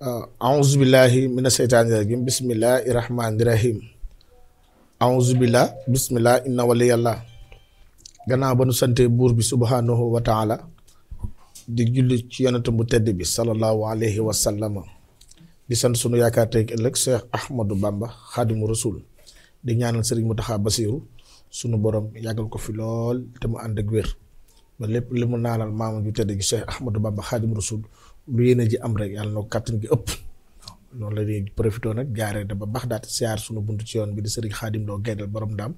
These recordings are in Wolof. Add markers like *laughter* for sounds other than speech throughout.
Uh, aouzubillahi mina seytaani rajim bismillahi rahmaani rahim aouzubillah bismillah inna waliyallah gannaaw ba nu sante buur bi subhaanahu wa taala di julli ci yonentam bu tedd bi sallallahu alayhi wa sallam di sant sunu yaakaar tey ëllëg Cheikh Ahmadou Bamba xaadimu rasul di ñaanal sëriñ Mountakha Bassirou sunu borom yàggal ko fi lool te mu ànd ak wér ba lépp li mu naanal maamam ju tedd gi Cheikh Ahmadou Bamba xaadimu rasul lu yéen a ji am rek yàlla na kàttan gi ëpp noonu la ñuy profité nag jaaree da ba baax daat siyaar sunu buntu ci yoon bi di sëriñ xaadim doo gaydal borom daam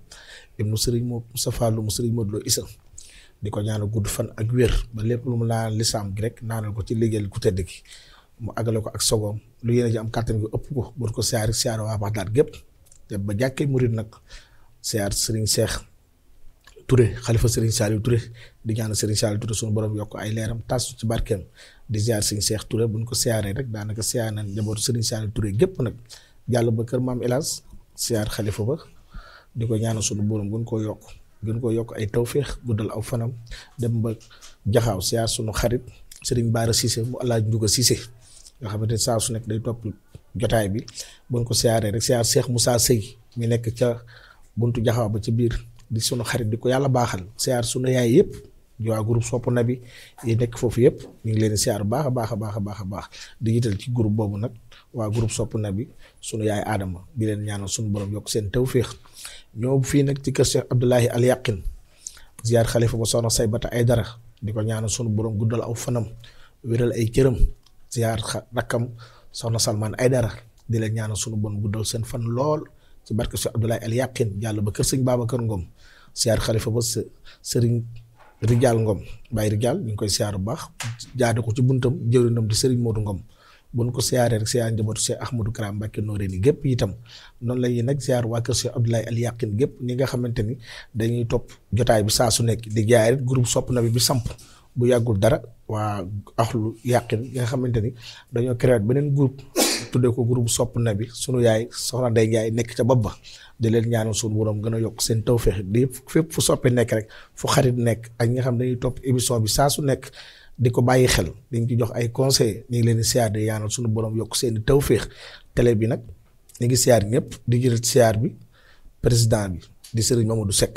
mu sëriñ moo Moustapha Lo mu sëriñ Modou Lo Issa di ko ñaanal gudd fan ak wér ba lépp lu mu laal lisaam gi rek naanal ko ci liggéeyal ko tedd gi mu agale ko ak sogoom lu yéen a ji am kàttan gi ëpp ko bu ko siyaar siyaar waa baax daal gépp te ba jàkkee murit nag siyaar sëriñ Seex Touré xalifa sëriñ Saliou di ñaanal sëriñ Saliou Touré borom yokk ay leeram tas ci barkeem di ziar sëñ Cheikh Touré bu ñu ko siyaaree rek daanaka siyaar nañ njabootu sëriñ Saliou Touré gépp nag jàll ba kër maam Elas siyaar xalifa ba di ko ñaanal sunu borom gën koo yokk gën koo yokk ay tawféex guddal aw fanam dem ba jaxaaw siyaar sunu xarit sëriñ Baara Cissé mu El Hadj Ndiouga Cissé xamante ne saa su nekk day topp jotaay bi buñ ko siyaaree rek siyaar Cheikh Moussa Seye mi nekk ca buntu jaxaaw ba ci biir di sunu xarit di ko yàlla baaxal siyaar sunu yaay yëpp. waa groupe sopp nabi yi nekk foofu yëpp ñu ngi leen di siyaar baax a baax a baax a baax a baax di jiital ci groupe boobu nag waa groupe sopp nabi sunu yaay aadama di leen ñaanal sunu borom yokk seen tawféex ñoo fii nag ci kër Cheikh Abdoulahi Al Yaqin ziyaar xalifa ba soxna Saybata Aydara di ko ñaanal sunu borom guddal aw fanam wéral ay cëram ziyaar rakkam soxna ay dara di leen ñaanal sunu borom guddal seen fan lool ci barke Cheikh Abdoulahi Al Yaqin jàll ba kër sëñ Babacar Ngom ziyaar xalifa ba sëriñ Rijal Ngom Baye Rijal ñu ngi koy siyaar bu baax jaada ko ci buntam jëwrinam di Serigne Modou Ngom bu ñu ko siyaaree rek siyaar njabootu Cheikh Ahmadou Kara Mbacké Noreyni gépp itam noonu la ñuy nag siyaar waa kër Cheikh Abdoulaye Al Yaqin gépp ñi nga xamante ni dañuy topp jotaay bi saa su nekk di jaay rek groupe sopp na bi bi samp bu yàggul dara waa axlu yàqin nga xamante ni dañoo créé beneen groupe tuddee ko groupe sopp na bi suñu yaay soxna Ndeye Ndiaye nekk ca bopp ba di leen ñaanal sunu boroom gën a yokk seen tawféex di fépp fu soppe nekk rek fu xarit nekk ak ñi nga xam dañuy topp émission bi saa su nekk di ko bàyyi xel dañ ci jox ay conseil ñu ngi leen di siyaar di ñaanal sunu borom yokk seen i tawféex télé bi nag ñu ñëpp di jël siyaar bi président bi di Serigne Mamadou Seck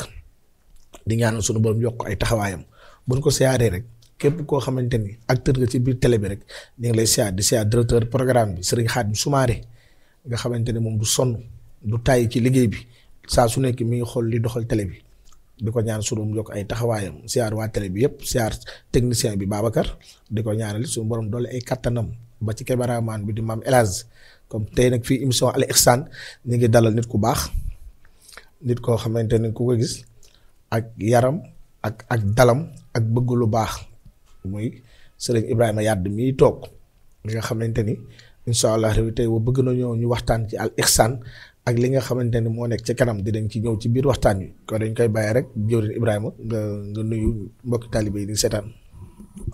di ñaanal sunu borom yokk ay taxawaayam buñ ko siyaaree rek. képp koo xamante ni acteur nga ci biir télé bi rek ñu lay siyaar di siyaar directeur programme bi Serigne Khadim Soumaré nga xamante ne moom du sonn du tàyyi ci liggéey bi saa su nekk mi ngi xool li doxal télé bi di ko ñaan suñu yokk ay taxawaayam siyaar waa télé bi yëpp siyaar technicien bi Babacar di ko ñaanal suñu borom doole ay kattanam ba ci caméraman bi di maam El comme tey nag fii émission Al Ikhsan ñu ngi dalal nit ku baax nit koo xamante ne ku ko gis ak yaram ak ak dalam ak bëgg lu baax. muy sëriñ Ibrahima Yàdd mi toog li nga xamante ni incha allah réew tey bëgg nañoo ñu waxtaan ci al ihsan ak li nga xamante ni moo nekk ci kanam dinañ ci ñëw ci biir waxtaan wi kon dañ koy bàyyi rek jëwriñ Ibrahima nga nga nuyu mbokki taalibe yi di seetaan.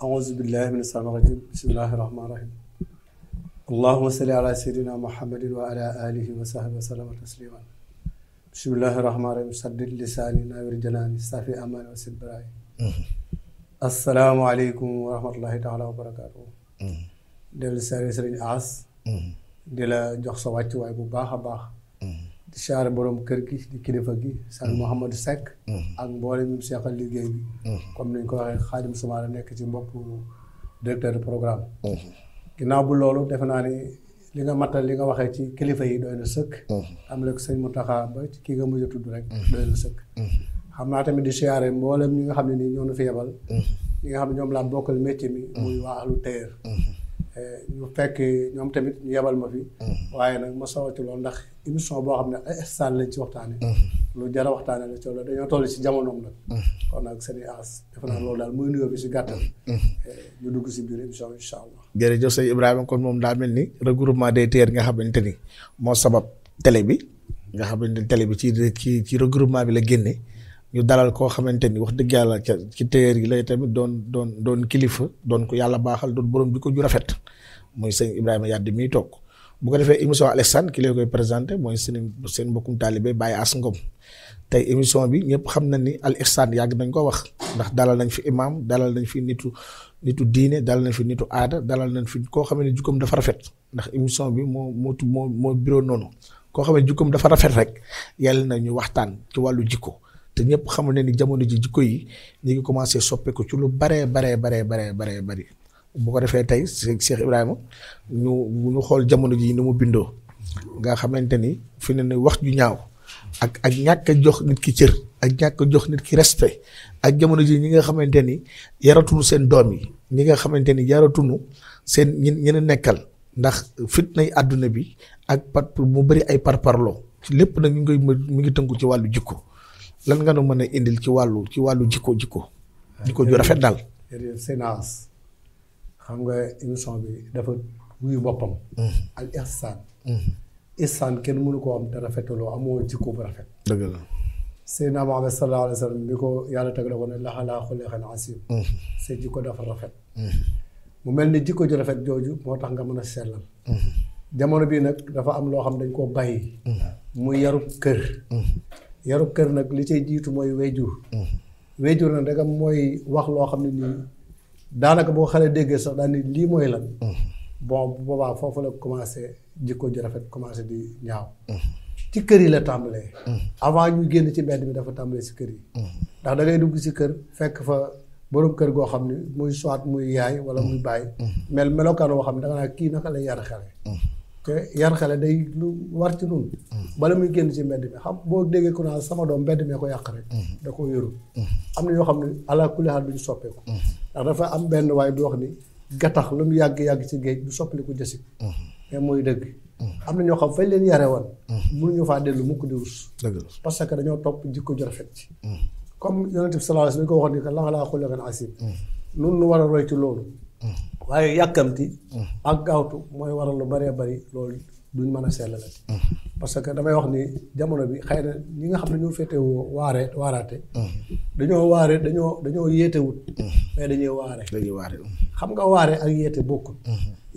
aouzu billahi min ash-shaytaani rajim bismillahi rahmaani rahim allahuma salli ala sayyidina muhammadin wa ala wa sahbihi wa sallama tasliman bismillahi rahmaani rahim saddid lisaani nawir janaani safi amani wa sidbraay mm-hmm. asalaamaaleykum wa rahmatullahi taala wa barakaatu. Hmm. dellu service sëriñ As. Hmm. di la jox sa wàccuwaay bu baax a baax. Hmm. di siyaare borom kër gi di kilifa gi. sëriñ Mouhamadou Seck. ak mboolem ñu seqal liggéey bi. comme ko waxee Xaadim nekk ci mbokku directeur de programme. bu loolu defe naa ni li nga matal li nga waxee ci kilifa yi doy na sëkk. am na sëñ Mountakha ba ki nga mujj a rek. doy na sëkk. xam naa tamit di siyaare mbooleem ñi nga xam ne nii ñoo nu fi yebal. Mm-hmm. ñi nga xam ne ñoom laa bokkal métier mi. muy mm-hmm. waa alu tailleur. Mm-hmm. Eh, ñu fekk ñoom tamit ñu yebal ma fi. waaye nag ma sawar loolu ndax émission boo xam ne ay instant lañ ci waxtaanee. lu jar a waxtaanee la ci dañoo toll ci jamonoom nag. kon nag seen i loolu daal muy nuyoo bi si gàttal. Eh, ñu dugg si biir émission bi incha jox sa sëñ Ibrahima kon moom daa mel ni regroupement des tailleurs nga xamante ni moo sabab télé bi nga xamante ni télé bi ci ci ci regroupement bi la génne. ñu dalal koo xamante ni wax dëgg yàlla ci téer yi lay tamit doon doon doon kilifa doon yàlla baaxal doon borom bi ko ju rafet mooy sëñ Ibrahima Yade miy toog bu ko defee émission Alexandre koy présenté mooy seen seen mbokkum taalibe Baye Ass Ngom tey émission bi ñëpp xam na ni Al Ihsan yàgg nañ ko wax ndax nañ fi imam dalal nañ fi nitu nitu diine dalal nañ fi nitu aada dalal nañ fi koo xam ne jukkoom dafa rafet ndax émission bi moo moo moo moo bureau noonu koo xam ne jukkoom dafa rafet rek yàlla na ñu waxtaan ci wàllu jikko te ñëpp xamul ne ni jamono ji jikko yi ñu ngi commencé soppeeku ci lu baree baree baree baree baree bari bu ko defee tey Cheikh Ibrahima ñu ñu xool jamono ji ni mu bindoo nga xamante ni fi ne ni wax ju ñaaw ak ak ñàkk jox nit ki cër ak ñàkk jox nit ki respect ak jamono ji ñi nga xamante ni yaratunu seen doom yi ñi nga xamante ni yaratunu seen ñi ñi nekkal ndax fit fitnay àdduna bi ak pat mu bëri ay parparloo lépp nag ñu ngi koy mu ngi tënku ci wàllu jikko lan nga nu mën a indil ci wàllu ci wàllu jikko jikko. Ah, jikko ju rafet daal. sénaas xam nga émission bi dafa wuyu boppam. Hmm. al ihsaan. Hmm. ihsaan kenn mënu koo am te rafetaloo amoo jikko bu rafet. dëgg la. Seydina Muhammad sallallahu alayhi wa sallam bi ko yàlla teg dafa ne laxalaa xuleexan se hmm. sa jikko dafa rafet. mu mel ni jikko ju rafet jooju moo tax nga mën a sellal. jamono bii nag dafa am loo xam dañ koo bàyyi. mu yarub kër. yaru kër nag li ci jiitu mooy wejur mm-hmm. wejur nag ndegam mooy wax loo xam ne nii daanaka boo xale déggee sax daal lii mooy lan mm-hmm. bon boobaa foofu la commencé jikko ji rafet commencé di ñaaw mm-hmm. ci kër yi la tàmbalee avant ñu génn ci mbedd mi dafa tàmbalee si kër yi ndax da ngay dugg si kër fekk fa borom kër goo xam ne muy soit muy yaay wala muy bàyyi mel melokaan woo xam ne da nga naa kii naka lay yar xale te yar xale day lu war ci nun bala muy génn ci mbedd mi xam boo déggee ku naa sama doom mbedd mee ko yàq rek mm-hmm. da koo yorul mm-hmm. am na yoo xam ne ala kulli xaal ñu soppeeku mm-hmm. ndax am benn waaye bu wax ni gattax lu mu yàgg-yàgg ci géej du soppaliku desi mais mooy dëgg am na ñoo xam fañ leen yare woon mënuñu faa dellu mukk di rus parce que dañoo topp jikko ju rafet ci comme yonent bi sallallahu alayhi wasallam ko waxoon ni que langa laa xullekan asib nun lu war a roy ci loolu waaye yàkkamti. ak gaawtu mooy waral lu bëree bëri loolu duñ mën a sellal. parce que damay wax ni jamono bi xëy na ñi nga xam ne ñoo féete waare waaraate. dañoo waare dañoo dañoo yeetewut. mais dañuy waare. dañuy waare um. xam nga waare ak yeete bokkul.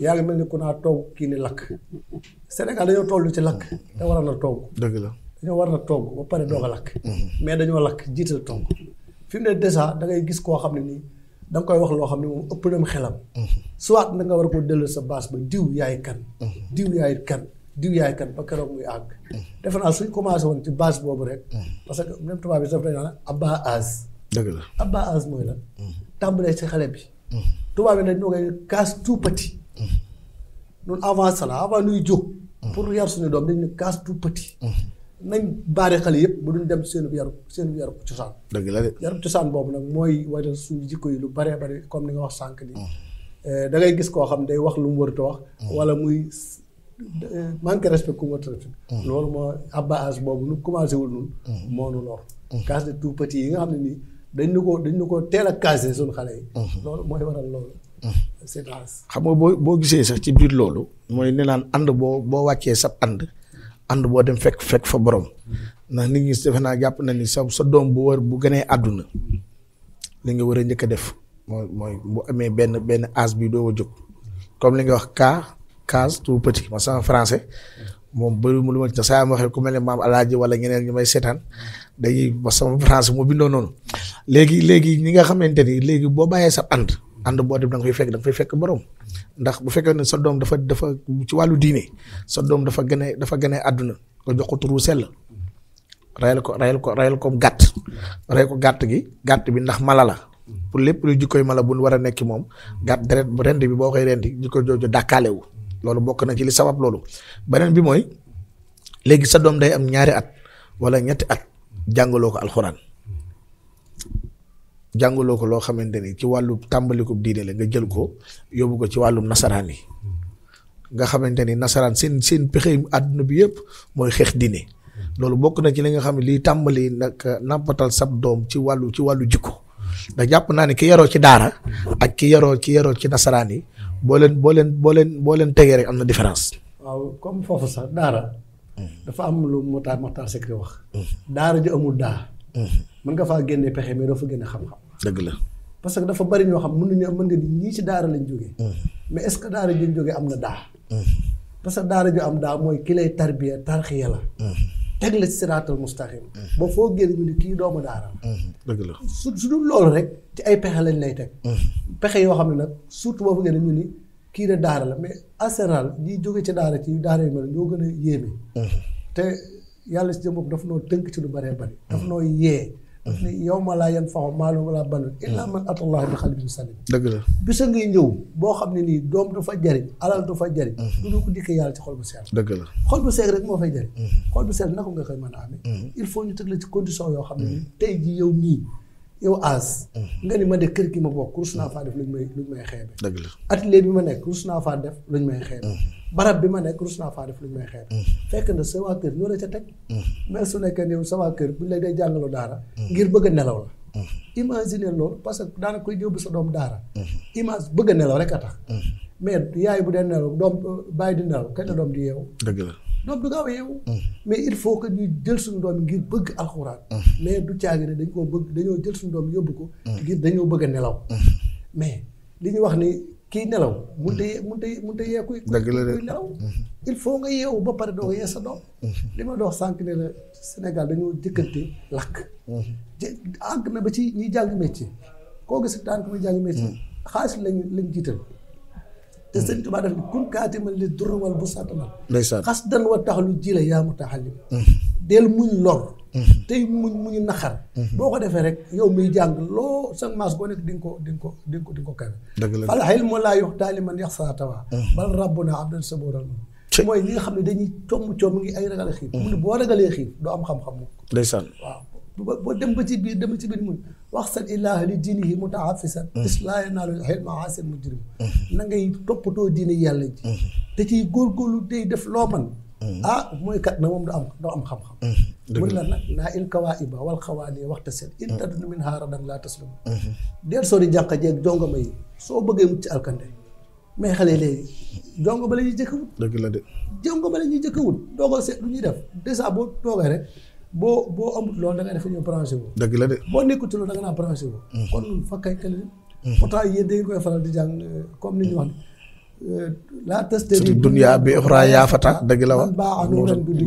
yaa ngi mel ni ku naa togg kii ni lakk. Sénégal dañoo toll ci lakk. te waroon na togg. dëgg la dañoo war na togg ba pare doog a lakk. Mm-hmm. mais dañoo lakk jiital togg. fi ne dèjà da ngay gis koo xam ne nii. da koy wax loo xam ne moom ëpp na xelam. soit na nga war ko delloo sa base ba diw yaay kan. diw yaay kan diw yaay kan ba keroog muy àgg. defe suñ commencé woon ci base boobu rek. parce que même tubaab bi daf lay naan abba az. dëgg la abba az mooy la. tàmbalee ci xale bi. tubaab bi dañ ñoo koy casse tout petit. ñun avant ça avant ñuy jóg. pour yar suñu doom dañ ñu casse tout petit. nañ baare xale yëpp bu duñ dem seen yaru seen yaru cosaan. dëgg la de yaru cosaan boobu nag mooy waral suñu jikko yi lu baree bari comme ni nga wax sànq nii. Mm. Eh, da gis koo xam day wax lu mu warut a wax. Mm. wala muy manque respect ku mu mm. loolu moo abbage boobu nu commencé wul noonu. moo nu lor. yi nga xam ne nii dañ ñu ko dañ ñu ko teel a casé suñu xale yi. loolu mooy waral loolu. c'est xam nga boo boo gisee sax ci biir loolu. mooy ne naan ànd boo boo wàccee sab ànd. ànd boo dem fekk fekk fa borom ndax nit ñi defe naa jàpp na ni sa sa doom bu wër bu gënee àdduna li nga war a njëkk def mooy mooy bu amee benn benn âge bi doo jóg comme li nga wax cas kaas tu petit ma sama français moom bëri mu lu ma ci saa ma waxee ku mel ne maam alaaji wala ñeneen ñu may seetaan dañuy ba sama français moo bindoo noonu léegi léegi ñi nga xamante ni léegi boo bàyyee sa ànd ànd boo dem da nga fekk da fekk borom ndax bu fekkee ne sa doom dafa dafa ci wàllu diine sa doom dafa gën a dafa gën àdduna nga jox ko turu la rayal ko rayal ko rayal ko gàtt rayal ko gàtt gi gàtt bi ndax mala la pour lépp lu jikkoy mala bu war a nekk moom gàtt deret bu rend bi boo koy rendi jikko jooju dàkkaale wu loolu bokk na ci li sabab loolu beneen bi mooy léegi sa doom day am ñaari at wala ñetti at jàngaloo ko alxuraan. jàngaloo ko loo xamante ni ci wàllu tàmbaliku diine la nga jël ko yóbbu ko ci wàllu nasaraan yi nga xamante ni nasaraan seen seen pexe àdduna bi yëpp mooy xeex diine loolu bokk na ci li nga xam ne liy tàmbali nag nàmpatal sab doom ci wàllu ci wàllu jikko ndax jàpp naa ne ki yaroo ci daara ak ki yaroo ci yaroo ci nasaraan yi boo leen boo leen boo leen boo leen tegee rek am na différence. waaw comme foofu sax daara. dafa am lu Mokhtar Mokhtar Seck wax. Mm. daara ju amul daa. Mm. mën nga faa dëgg la parce que dafa bari ñoo xam mën nañu mën nga ni ñii ci daara lañ jógee. Mm. mais est-ce que daara juñ jógee am na daa. Mm. parce que daara ju am daa mooy ki lay tarbiya tarxiya la. Mm. teg la ci siraatal mustaqim foo génn kii doomu daara la. dëgg su su dul loolu rek ci ay pexe lañ lay teg. pexe yoo xam ne nag surtout boo fa génn ñu ni kii de daara la mais en ñi jóge ci daara ci daara yu mel ñoo gën a yéeme. te yàlla si jëm bopp daf noo tënk ci lu baree bëri. daf noo yee. daf yow ma laa yan faw maa lahu wala banuun illaa mm. man atallaaha bi qalbin saliim dëgg la bis ngi ñëw boo xam ne nii doom dafa fa jariñ alal du fa jariñ mm-hmm. du doo ko dikkee yàlla ci xol bu seer dëgg la xol bu seer rek moo fay jariñ mm-hmm. xol bu seer naka nga koy mën a amee mm-hmm. il faut ñu teg la ci condition yoo xam ne nii tey ji yow mii yow aas nga ni ma de kër gi ma bokk rus naa faa def luñ may luñ may xeebe dëgg la atelier bi ma nekk rus naa faa def luñ may xeebe barab bi ma nekk rus naa faa def lu ñu may xeet mm-hmm. fekk na sa waa kër ñoo la ca teg mm-hmm. mais su nekkee yow sa waa bu la day jàngaloo daara mm-hmm. ngir bëgg a nelaw la imagine loolu parce que daanaka koy yóbbu sa doom daara image bëgg a nelaw rek a tax mais yaay bu dee nelaw doom bàyyi di nelaw kañ doom di yeewu dëgg la doom du gaaw yeewu mais il faut que ñu jël suñu doom ngir bëgg alxuraan mais du caagi ne dañ koo bëgg dañoo jël suñu doom yóbbu ko ngir dañoo bëgg nelaw kii nelaw mun te mun te mun te yee kuy kuy nelaw mhm. il faut nga yeewu ba pare doo yee sa doom mhm. li ma dox sànq ne la Sénégal dañoo jëkkante lakk mhm. àgg na ba ci ñuy jàng métier koo gis tànk muy jàng métier xaalis lañ lañ jiital te sëñ Tuubaa def ni kun kaatimal li durwal bu sàttamal xas dan wa tax lu ji la yaa mu taxalim del muñ lor Mm-hmm. tey muñ muñu naxar mm-hmm. boo ko defee rek yow muy jàng loo sa maas boo nekk di nga ko di nga ko di nga ko di nga ko kawe fal ilmu laa yuxtaa liman yaxsaa tawaa mm-hmm. bal rabbuna abdan sabuuran mooy ñi nga xam ne dañuy comm comm ngi ay ragale xiif mu boo ragalee xiif doo am xam-xam mu ndeysaan boo dem ba ci biir dem ba ci biir mu wax sa illah li diinihi mutaafisan islaa yanaalu xilma seen mujrim na ngay toppatoo diine yàlla ji te ciy lu day def loo man Mhm. ah mooy kat na moom du am doo am xam-xam. Mhm. mun la nag naa il kawaa iba wal xawaa nii waxta seen. il mhm. taddu min haaradan laa taslim. del soo di jànq jeeg jongoma yi soo bëggee mucc alkande mais xale léegi jongoma la ñuy jëkk wut. dëgg la de. jongoma la ñuy jëkk wut doogoo seet lu ñuy def dèjà boo toogee rek boo boo amut loolu da nga def ñu branché wu. dëgg la de boo nekkul ci loolu da nga naa branché wu. kon fakkaykale. pourtant yéen dañu koy faral di jàng euh, comme ni ñu wax. Euh, laa tëstëri dunya bi uxra yaafata dëgg la wa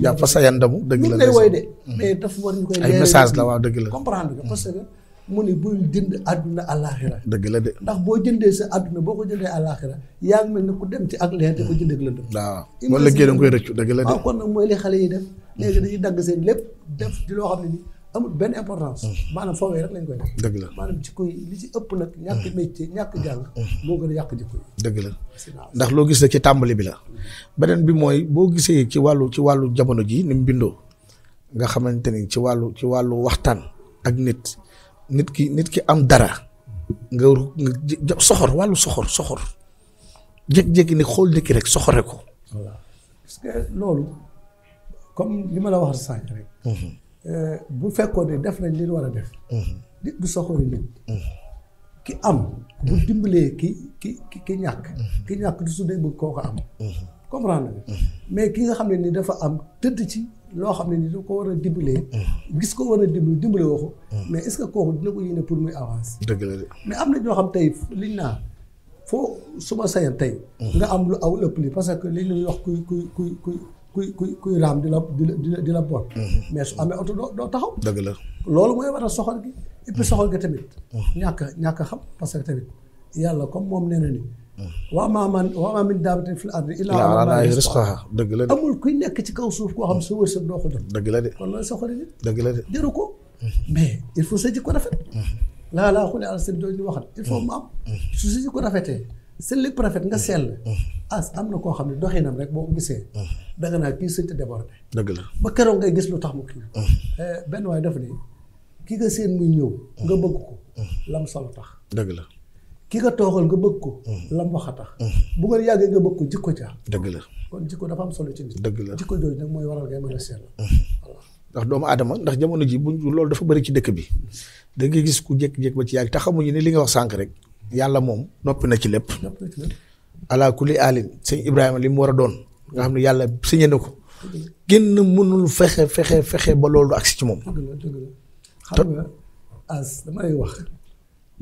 yaa fa sa yandamu dëgg la lay woy de mm-hmm. mais dafa war ñu koy ay message la waaw dëgg la comprendre nga parce que mu ne bul jënd àdduna dëgg la ndax boo jëndee sa àdduna boo ko jëndee àllaaxira yaa ngi mel ne ku dem ci ak leer te ko jënd ak mm-hmm. la def waaw wala génn koy kon nag mooy li xale yi def léegi dañuy dagg seen lépp def di loo xam ne nii amul benn importance. Mm. maanaam foofee rek dëgg la maanaam jikko li ci ëpp nag. ñàkk mm. métier ñàkk jàng. Mm. yàq jikko yi. dëgg la ndax loo gis la ci tàmbali bi la. beneen bi mooy boo gisee ci wàllu ci wàllu jamono ji ni mu bindoo nga xamante ni ci wàllu ci wàllu waxtaan ak nit nit ki nit ki am dara nga soxor wàllu soxor soxor jékki-jékki ni xool dëkk rek soxore ko. loolu comme li ma la wax sànq rek. Mm-hmm. Euh, bu fekkoo ne def nañ li ñu war a def. Mhm. nit du soxori nit. Mhm. ki am bu dimbalee ki ki ki ñàkk mhm. ki ñàkk du su dee bu koo ko am comprendre nga mais ki nga xam ne ni dafa am tëdd ci loo xam ne ni da ko war a dimbalee gis ko war a dimbali dimbale woo ko mais est ce que kooku dina ko yéene pour muy avance dëgg la de mais am na ñoo xam tey liñ naa foo suma ma tey nga am lu aw ëpp li parce que li ñuy wax kuy kuy kuy kuy kuy kuy kuy raam di la di la di la boot mhm. mais su amee oto doo doo taxaw dëgg la loolu mooy waral soxor gi et puis mhm. soxor gi tamit mhm. ñàkk ñàkk xam parce que tamit yàlla comme moom nee na ni waa maa man waa maa min daabatin fil ardi illaa alaa de amul kuy nekk ci kaw suuf koo xam sa wërsëg doo ko dëgg la de kon loolu soxor gi dëgg la ko mais il faut sa jikko rafet laa laa xule àla seen doo ñu waxat il faut mu su sa jikko rafetee sa lépp rafet nga sell. Mm-hmm. Mm-hmm. as am na koo xam ne doxinam rek boo ko gisee. Mm-hmm. danga naa kii sëñ te débordé. dëgg la ba keroog ngay gis lu tax mu kii. Eh, benn waaye dafa ne ki nga seen muy ñëw. nga bëgg ko. lam solo tax. dëgg la ki nga toogal nga bëgg ko. lam wax a tax. bu nga yàggee nga bëgg ko jikko caa. dëgg la kon jikko dafa am solo ci nit. dëgg la jikko jooju nag mooy waral ngay mën a sell. ndax doomu adama ndax jamono ji bu loolu dafa bari ci dëkk bi da nga gis ku jékki-jékki ba ci yàgg te xamuñu ne li nga wax sànq rek yàlla moom noppi na ci lépp. ala kulli alin sëñ Ibrahima li mu war a doon. nga xam ne yàlla sañe na ko. génn mënul fexe fexe fexe ba loolu agsi ci moom. xam nga as damay wax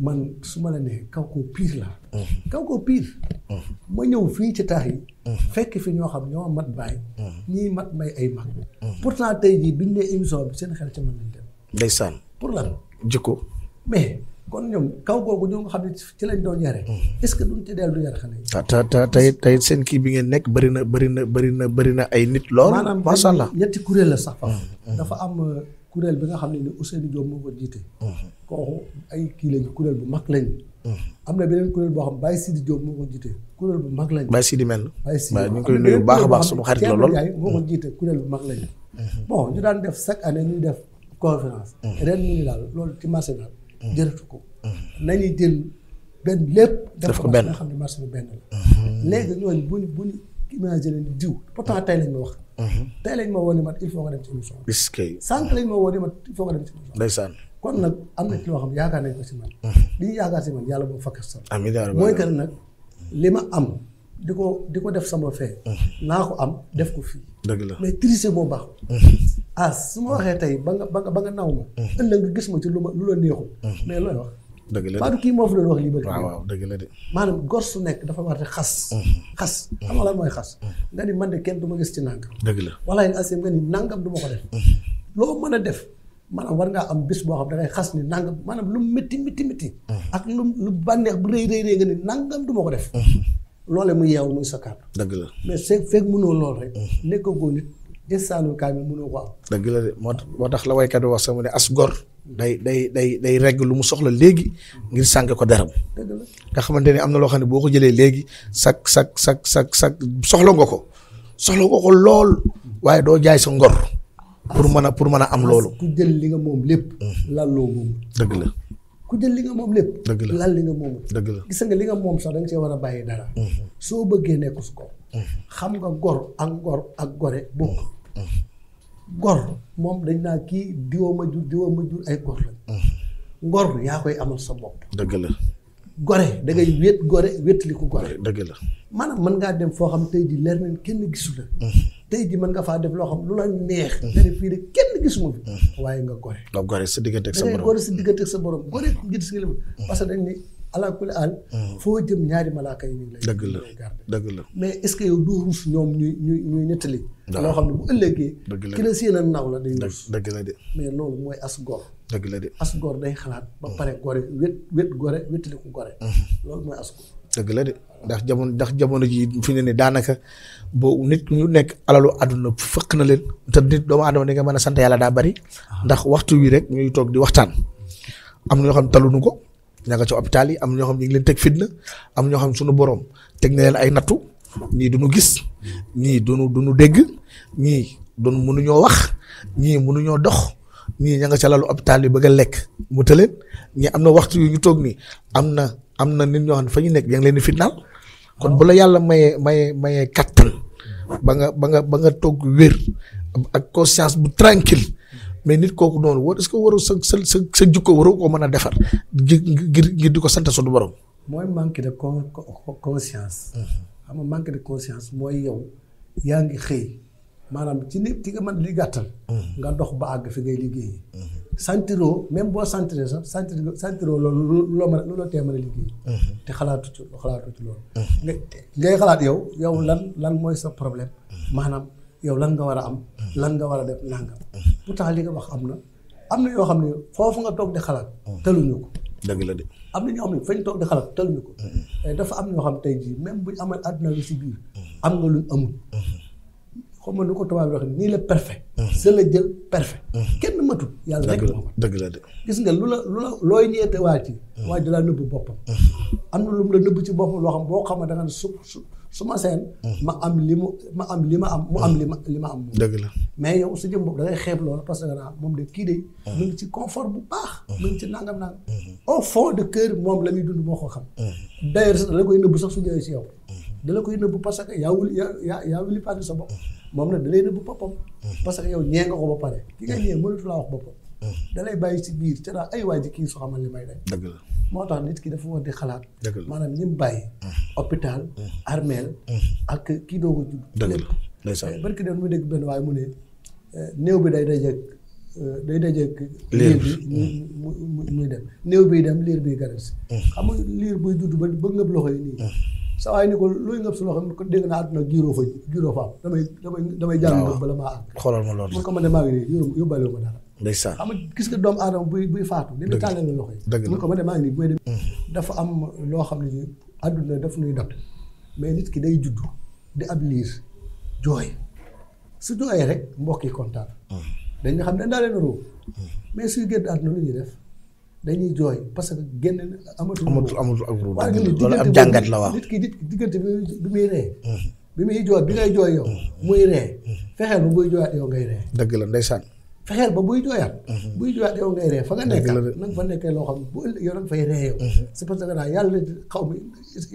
man su ma la nee kaw ko piir la. Mm-hmm. kaw ko piir. Mm-hmm. ma ñëw fii ci taax yi. Mm-hmm. fekk fi ñoo xam ñoo mat baay. ñii mat may ay mag. pourtant tey jii biñ ne émission bi seen xel ci mën nañ dem. ndeysaan pour lan jikko mais. kon ñoom kaw googu ñoo nga xam ne ci lañ doo yare mm-hmm. est-ce que duñ ci dellu yar xale yi. ta ta tey tey seen kii bi ngeen nekk bëri na bëri na bëri na bëri na ay nit. lool macha allah maanaam ñetti kuréel la sax. Mm-hmm. dafa am euh, kuréel bi nga xam ne ni Ousseynou Diop moo ko jiite. Mm-hmm. kooku ay kii lañ kuréel bu mag lañ. am na beneen kuréel boo xam Baye jiite kuréel bu mag lañ. Baye Sidi mel. Baye Sidi ñu ngi koy bu baax a baax suñu xarit lool. moo jiite kuréel bu mag lañ. bon ñu daan def chaque année ñuy def conférence. ren ñu ngi daal loolu ci marché daal jërëtu ko. nañuy jël benn lépp. def ko benn nga xam ne marché bi benn la. Mhm. léegi ñooñu bu ñu bu ñu imaginer ni diw pourtant tey lañ ma wax. Mhm. tey lañ ma woo ni mat dem ci émission bi. est-ce ma woo ni mat il faut nga dem ci émission bi. kon nag am na ci xam yaakaar nañ si man. Mhm. li ñu yaakaar si man yàlla boo fakk sax. amiin yaa rabbal mooy que nag li ma am. di ko di ko def sama fee. naa ko am def ko fii. dëgg la mais tricher boo baaxul. as ah, su ma waxee tey ba nga ba nga naw ma. Mm-hmm. ëllëg nga gis ma ci lu ma lu la neexul. Mm-hmm. mais looy wax. dëgg la de Maodo kii moo fi doon wax lii dëgg la de. maanaam gor su nekk dafa war xas. Mm-hmm. xas xam nga mooy xas. nga man de kenn du ma gis ci nangam. dëgg la walaay asim nga ni du ma ko loo mën a def maanaam war ngaa am bis boo xam da ngay xas ni nangam maanaam lu métti métti métti. ak lu lu bànneex bu rëy rëy rëy nga du ma ko def. loolee mu yeewul muy sa kàddu. dëgg la mais c' est fekk mënoo loolu rek. nekkagoo nit. desaanu kaamil mënoo ko am. dëgg la de moo tax moo tax la waykat bi wax sama ne as gor. day day day day regg lu mu soxla léegi ngir sànq ko deram nga xamante ne am na loo xam ne boo ko jëlee léegi sak sak sak sak sak soxla nga ko soxla nga ko lool waaye doo jaay sa ngor pour mën a pour mën a am loolu ku jël li nga moom lépp mm. lalloo moom dëgg la ku jël li nga moom lépp dëgg la lal li nga moom dëgg la gis nga li nga moom sax da nga see war a bàyyi dara mm-hmm. soo bëggee nekk su ko mm-hmm. xam nga gor ak ngor ak gore bokk mm-hmm. gor moom dañ naa kii diwoo ma jur diwoo ma jur ay gor la ngor yaa koy amal sa bopp. dëgg la. gore da ngay wét gore wétali ko gore. dëgg la maanaam mën ngaa dem foo xam tey jii leer nañ kenn gisu la. tey jii mën nga faa def loo xam lu la neex. nga ne fii de kenn gisuma bi waaye nga gore. nga gore sa diggante ak sa borom da ngay gore sa diggante ak sa borom gore gis nga li parce dañ ne ala kulli mm. foo jëm ñaari malaaka yi dëgg la dëgg la mais est ce que yow du ruus ñu ñu ñuy nettali. xam ne bu dëgg la seen a naw la day ruus. dëgg la de mais loolu mooy as gor. dëgg la as gor day xalaat. ba pare gore wét wét gore wétali ko gore. Mm-hmm. loolu mooy la ndax jamono ndax jamono ji fi ne ne daanaka boo nit ñu nekk alalu àdduna fëkk na leen te nit doomu aadama da nga mën a sant yàlla daa bari. Ah. ndax waxtu wii rek ñuy toog di waxtaan. am na ñoo xam taluñu ko. ña nga ci hôpital yi am ñoo xam ñu ngi leen teg fitna am ñoo xam suñu borom teg na leen ay nattu ñii duñu gis ñii duñu dunu dégg ñii duñu mënuñoo wax ñii mënuñoo dox ñii ña nga ca lalu hôpital yi bëgg a lekk mu tëleen ñii am na waxtu yu ñu toog nii am na am na nit ñoo xam ne fa ñu nekk yaa leen di fitnaal kon bu la yàlla mayee mayee mayee kattan ba nga ba nga ba nga toog wér ak conscience bu tranquille mais nit kooku noonu war est-ce sa sa sa sa jikko waru mën a defar ngir ngir di ko sant suñu borom. mooy manque de con conscience. xam nga manque de conscience mooy yow yaa ngi xëy maanaam ci nit ki nga man li gàttal. nga dox ba àgg fi ngay liggéey. santiroo même boo santiree sax santir santiroo loolu loo mën a looloo tee mën a liggéey. te xalaatu ci loolu. ngay xalaat yow yow lan lan mooy sa problème maanaam. yow lan nga war a am lan nga war a def nangam mm-hmm. pourtant li nga wax am na am na yoo xam ne foofu nga toog di xalaat mm-hmm. ñu ko dëgg la de am na ñoo xam ne toog di xalaat tëluñu ko mm-hmm. eh, dafa am ñoo xam tey jii même buñ amal àdduna lu si biir am nga luñ amul xam nga nu ko tubaab bi waxee nii la parfait sa la jël parfait kenn matul yàlla rek moo dëgg la de gis nga lu la lu la looy ñeete yi ci waa laa nëbb boppam am na lu mu la nëbb ci boppam loo xam boo xam ne da nga ne su su ma seen. ma am li mu ma am li ma am mu am li ma li ma am. dëgg la mais yow su jëm boobu da ngay xeeb loolu parce que naa moom de kii de. mu ngi ci confort bu baax. mu ngi ci nangam nangam. Mhm. au fond de cœur moom la muy dund moo ko xam. Mhm. d'ailleurs da la koy nëbbu sax su ñëwee si yow. da la koy nëbbu parce que yaa wuli yaa yaa wuli paaki sa bopp. Mhm. moom nag da lay nëbbu boppam. parce que yow ñee ko ba pare. ki nga ñee mënatu laa wax boppam. da bàyyi si biir te ay waa ji kii soo li may day dëgg la moo tax nit ki dafa war di xalaat maanaam ñi bàyyi mm-hmm. hôpital mm-hmm. armeel mm-hmm. ak kii doogu dëgg la ndeysaan eh, barki dem mu dégg benn waaye mu ne eh, néew bi day eh, day dajeeg liir bi muy dem néew bi dem liir biy garab si xam nga liir buy dudd ba ba ngëb loxo yi nii sa waaye ni ko luy ngëb loxo ko dégg naa àdduna giiroo fa giiroo am damay damay damay jàng bala maa àgg xoolal ma loolu ko man de maa ngi nii yóbbaale ma dara ndeysaan xam nga gis nga doomu aadama buy buy faatu li mu tàllal la loxo yi mun ko ma dem maa nii buy dem mm-hmm. dafa am loo xam ne ni àdduna daf nuy dab mais nit ki day juddu di ab liir jooy su jooyee rek mbokk yi kontaan mm-hmm. dañ nga xam ne daa leen roo mais suy génn àdduna lu ñuy def dañuy jooy parce que génn amatul amatul amatul ak ruubu wala ab jàngat la waaw nit ki diggante bi muy ree mm-hmm. bi muy jooy bi ngay jooy yow muy ree fexeel bu buy jooyaat yow ngay ree dëgg la ndeysaan fexeel ba buy jooyaat. Mhm. buy jooyaat yow ngay ree fa nga nekk na nga fa nekkee loo xam ne bu ëllëg yow da nga fay ree yow. Mhm. c'est parce que daal yàlla xaw ma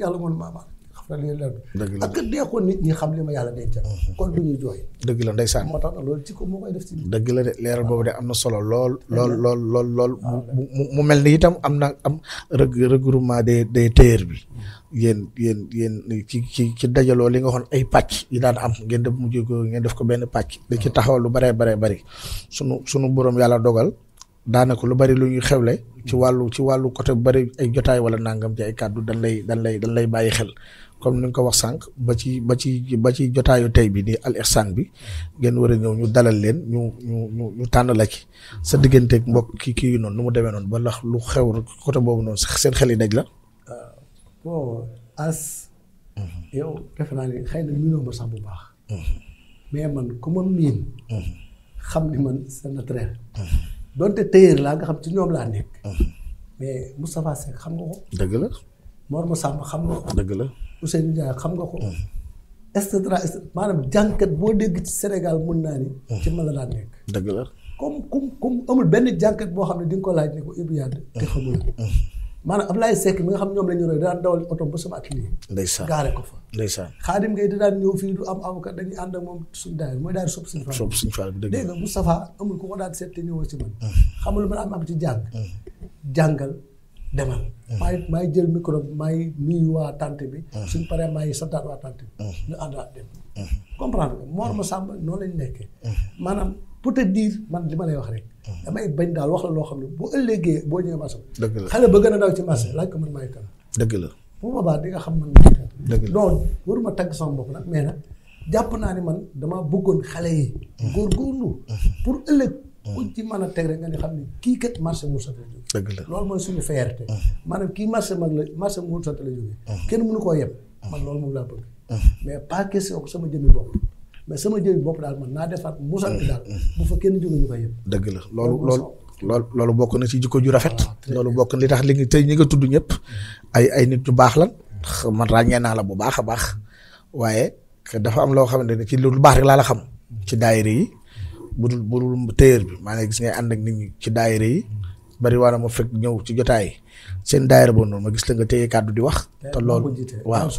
yàlla moom maa maa nit ñi xam li ma yàlla dencal. Mhm. kon du ñuy jooy. dëgg la ndeysaan moo tax nag loolu ci ko moo koy def ci. dëgg la de leeral boobu de am na solo lool. lool lool lool lool ah, mu mu mel ni tam am na am regroupement des des terres bi. Mm. yéen yéen yéen ci ci ci dajaloo li nga xoon ay pàcc yi daan am ngeen def mujj ko ngeen def ko benn pàcc. da ci taxawal lu baree baree bari. sunu sunu borom yàlla dogal daanaka lu bari lu ñuy xew xewle. ci wàllu ci wàllu côté bu bari ay jotaay wala nangam ci ay kàddu dañ lay dañ lay dañ lay bàyyi xel. comme ni nga ko wax sànq ba ci ba ci ba ci jotaayu tey bi nii Al Ikhsan bi ngeen war a ñëw ñu dalal leen ñu ñu ñu ñu tànn la ci sa digganteeg mbokk kii kii yu noonu nu mu demee noonu ba ndax lu xew côté boobu noonu seen xel yi daj la. bon as. yow defe naa ne xëy na miinoo ma sax bu baax. mais man ku ma miin. xam ni man c'est naturel. donte tailleur laa nga xam ci ñoom laa nekk. mais Moustapha Seck xam nga ko. dëgg la. ma Massamba xam nga ko. dëgg la Ousseynou Ndiaye xam nga ko. Mm-hmm. et cetera et cetera maanaam boo dégg ci Sénégal mun naa ni. Mm-hmm. ci man la daan nekk. dëgg la comme comme comme amul benn jànkat boo xam ne di ko laaj ne ko Ibou Yade te xamul maanaam Ablaye Seck mi nga xam ñoom la ñu roy daan dawal oto ba sama atelier. ndeysaan gaare ko fa. ndeysaan xaadim ngay daan ñëw fii du am avocat dañuy ànd ak moom suñu daay mooy daal sopp suñu faal. sopp suñu faal la dégg nga si man. Mm. xamul man am am ci jàng. Mm. jàngal demal. Mm. maay maay jël micro bi maay nuyu waa tante bi. suñ paree maay santaat waa tante bi. ñu àndaat dem. comprendre nga Mor Masamba noonu la ñu nekkee. maanaam pour te dire man li ma lay wax rek. damay bañ daal wax la loo xam ne bu ëllëgee boo ñëwee dëgg la xale ba gën a daw ci marché laaj ko man maay kan dëgg la bu boobaa di nga xam man maay dëgg la donc waruma tagg sama bopp nag mais nag jàpp naa ni man damaa bëggoon xale yi góorgóorlu pour ëllëg ku ci mën a teg rek nga ne xam ne kii kat marché Moussa la jóge dëgg la loolu mooy suñu fierté maanaam kii marché mag la marché Moussa la jóge kenn mënu koo yeb man loolu moom laa bëgg mais pas question sama jëmmi bopp mais sama jëmm bopp daal man naa defaat musal bi daal bu fa kenn jóge dëgg la loolu loolu loolu loolu bokk na ci jikko ju rafet ah, loolu bokk na li tax li tey ñi nga tudd ñëpp ay ay nit ñu baax lan man ràññee naa la bu baax a baax waaye dafa am loo xamante ne ci lu baax rek laa la xam ci daayira yi bu dul budul budul téyeer bi maa ngi gis ngay ànd ak nit ñi ci daayira yi bari waa na ma fekk ñëw ci jotaay seen daayira boobu noonu ma gis la nga téye kàddu di wax. Eh, te loolu waaw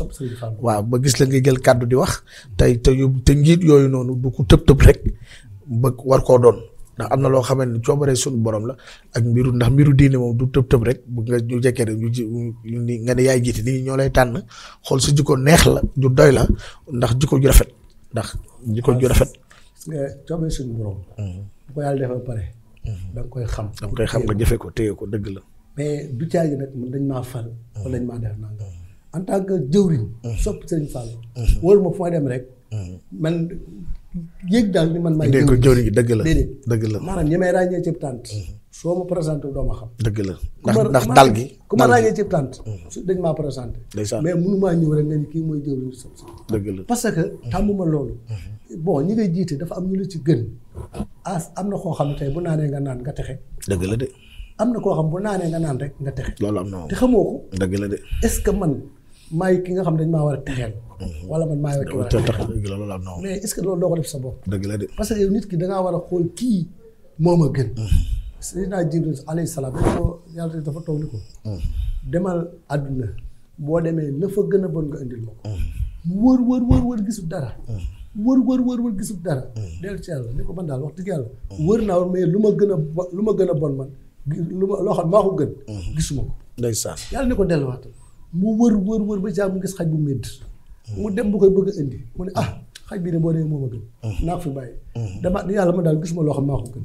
waaw ma gis la nga jël kàddu di wax. tey te te njiit yooyu noonu du ko tëb tëb rek ba war koo doon ndax am na loo xamante ni coobare suñu borom la ak mbiru ndax mbiru du tëb tëb rek bu nga ñu jekkee rek ñu nga ne yaay jiite nit ñoo lay tànn xool sa jikko neex la du doy la ndax jikko ju rafet ndax jikko ju rafet. coobare suñu borom. Mm. bu ko mm. da koy xam da nga koy nga jëfe ko téye ko dëgg la. mais du caagi nag man dañ maa fal. Ah. wala dañ maa def nangam. en tant que jëwriñ. Ah. sopp Serigne Fall. Ah. wóolu ma fu ma dem rek. man yéeg daal ni man. maay jëwriñ dëgg la déedéet dëgg la. maanaam ñi may ràññee tànt. soo ma doo ma xam. dëgg la ndax ndax dal gi. ku ma ràññee cib tànt. su maa présenté. mais mënu maa ñëw rek nga ni kii mooy jëwriñ sopp dëgg la parce que tàmmuma loolu. boo ñi ngay jiite dafa am ñu la ci gën. as am na koo xam ne tey bu naanee nga naan nga texe. dëgg la de. am na koo xam bu naanee nga naan rek nga texe. loolu am na te xamoo ko. dëgg la de est-ce man maay ki nga xam dañ maa war a texeel. Mm-hmm. wala man maa ki war a texeel loolu am na mais est-ce que loolu doo ko def sa bopp. dëgg la de parce que yow nit ki da ngaa war moo ma gën. Mm-hmm. Seydina Jibril alayhi salaam dañ ko yàlla dafa toog ni ko. Mm-hmm. demal àdduna boo demee la gën a bon nga indil ma ko. wër wër wër wër dara. wër wër wër wër gisul dara. dellu ci yàlla ni ko man daal wax dëgg yàlla. wër naa wër mais lu ma gën a lu ma gën a bon man lu ma loo xam maa ko gën. Mhm. gisuma ko. ndeysaan yàlla ni ko delluwaat mu wër wër wër ba jaar mu gis xaj bu médd mu dem bu koy bëgg a indi mu ne ah xaj bii boo demee moom a gën. Mhm. naa ko fi bàyyi. Mhm. dama yàlla ma daal loo xam maa ko gën.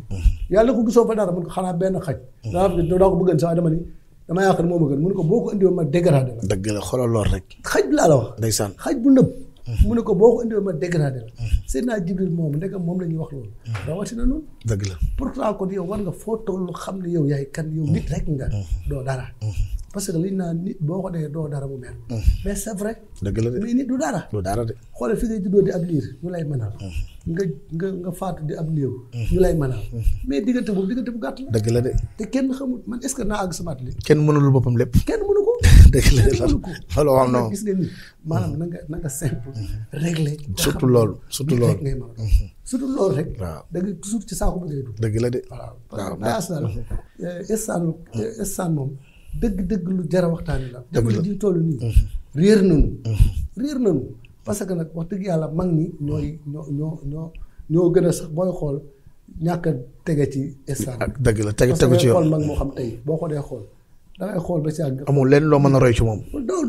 yàlla ko gisoo fa dara mun ko xanaa benn xaj. daa ko bëgg a indi sax dama ni dama a gën ko boo ko indiwoon ma dégradé la. dëgg la xoolal la wax. ndeysaan xaj bu nëb. mu ne ko boo ko indiwee ma dégradé la. Seydina Jibril moom ndegam moom la ñuy wax loolu. na noonu. dëgg la pourtant kon yow war nga foo toll xam ne yow yaay kan yow nit rek nga. doo dara. parce que liñ naan nit boo ko dee doo dara mu mer. Mm. mais c'est dëgg la mais nit du dara. du dara de. xoolal fi ngay juddoo di ab liir ñu lay mënal. nga nga nga faatu di ab néew. Mm-hmm. ñu lay man a mm-hmm. mais diggante boobu diggante bu gàtt la. dëgg la de. te kenn xamul man est ce que naa àgg sama at li kenn mënul boppam lépp. kenn mënu ko. *laughs* dëgg la de loolu am na maanaam mm-hmm. na nga na nga simple. réglé surtout ngay mën a surtout loolu rek. waaw da nga toujours ci saako bi ngay dugg. dëgg la de. waaw parce que daas daal eh, instant eh, instant moom dëgg dëgg lu jar a waxtaanee la. dëgg la jamono ji nii. réer nañu. réer nañu. parce que nag wax dëgg yàlla mag ñi ñooy ñoo ñoo ñoo ñoo gën a sax booy xool ñàkk a tege ci instant dëgg la tege tegu ci yow mag moo xam tey boo ko dee xool da ngay xool ba ci amul lenn loo mën a roy ci moom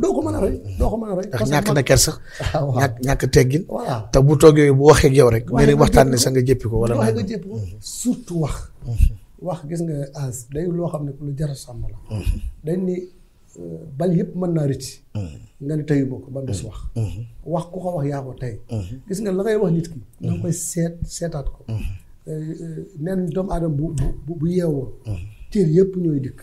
doo ko mën a roy doo ko mën a roy ndax ñàkk na kersa *laughs* ñàkk ñàkk teggin voilà te bu toogee bu waxee ak yow rek mais nag waxtaan ne sa nga jéppi ko wala waxee nga jéppi ko mm-hmm. surtout wax mm-hmm. wax gis nga as day loo xam ne lu jar a sàmm la mm-hmm. bal yëpp mën naa rëcc mm-hmm. nga ni tayuma ko ba des wax mm-hmm. wax ku ko wax yaa ko tey mm-hmm. gis nga la koy wax nit ki da koy seet seetaat ko eh, neen doomu aadama bu bu bu yeewoo tiir yëpp ñooy dikk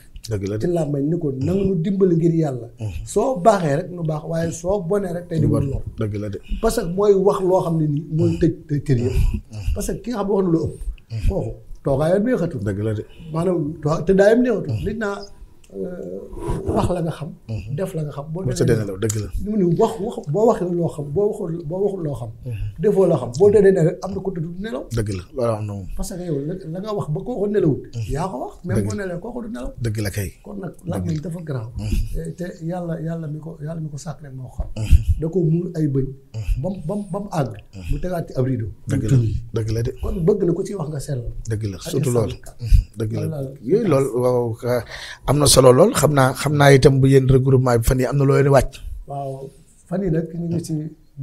ci làmbañ ni ko nanga nu dimbali ngir yàlla soo baaxee rek nu baax waaye soo bonee rek tey di bon lor dëgg la de parce que mooy wax loo xam ne nii mooy tëj tëj tiir yëpp parce que ki nga xam ne wax na lu ëpp kooku toogaayam neexatul dëgg la de maanaam te daayam neexatul nit naa wax la nga xam. Mhm. def la nga xam boo. mosut dana la dëgg la. li mu ne wax wax boo waxee loo xam boo waxul boo waxul loo xam. Mhm. defoo loo xam boo dee ne rek am ko du nelaw. dëgg la loolu am na moom. parce la ba mhm. ko wax même boo nelawee kooku du nelaw. dëgg ba mu ba mu mu àgg. mu tegaat ci ab rido. dëgg la dëgg la de. kon bëgg na ko ci wax nga seetlu. dëgg la surtout loolu. dëgg la yooyu loolu waaw am na solo solo lool xam naa xam naa itam bu yéen regroupement bi fan yi am na loo leen wàcc. waaw fan yi nag ñu ngi ci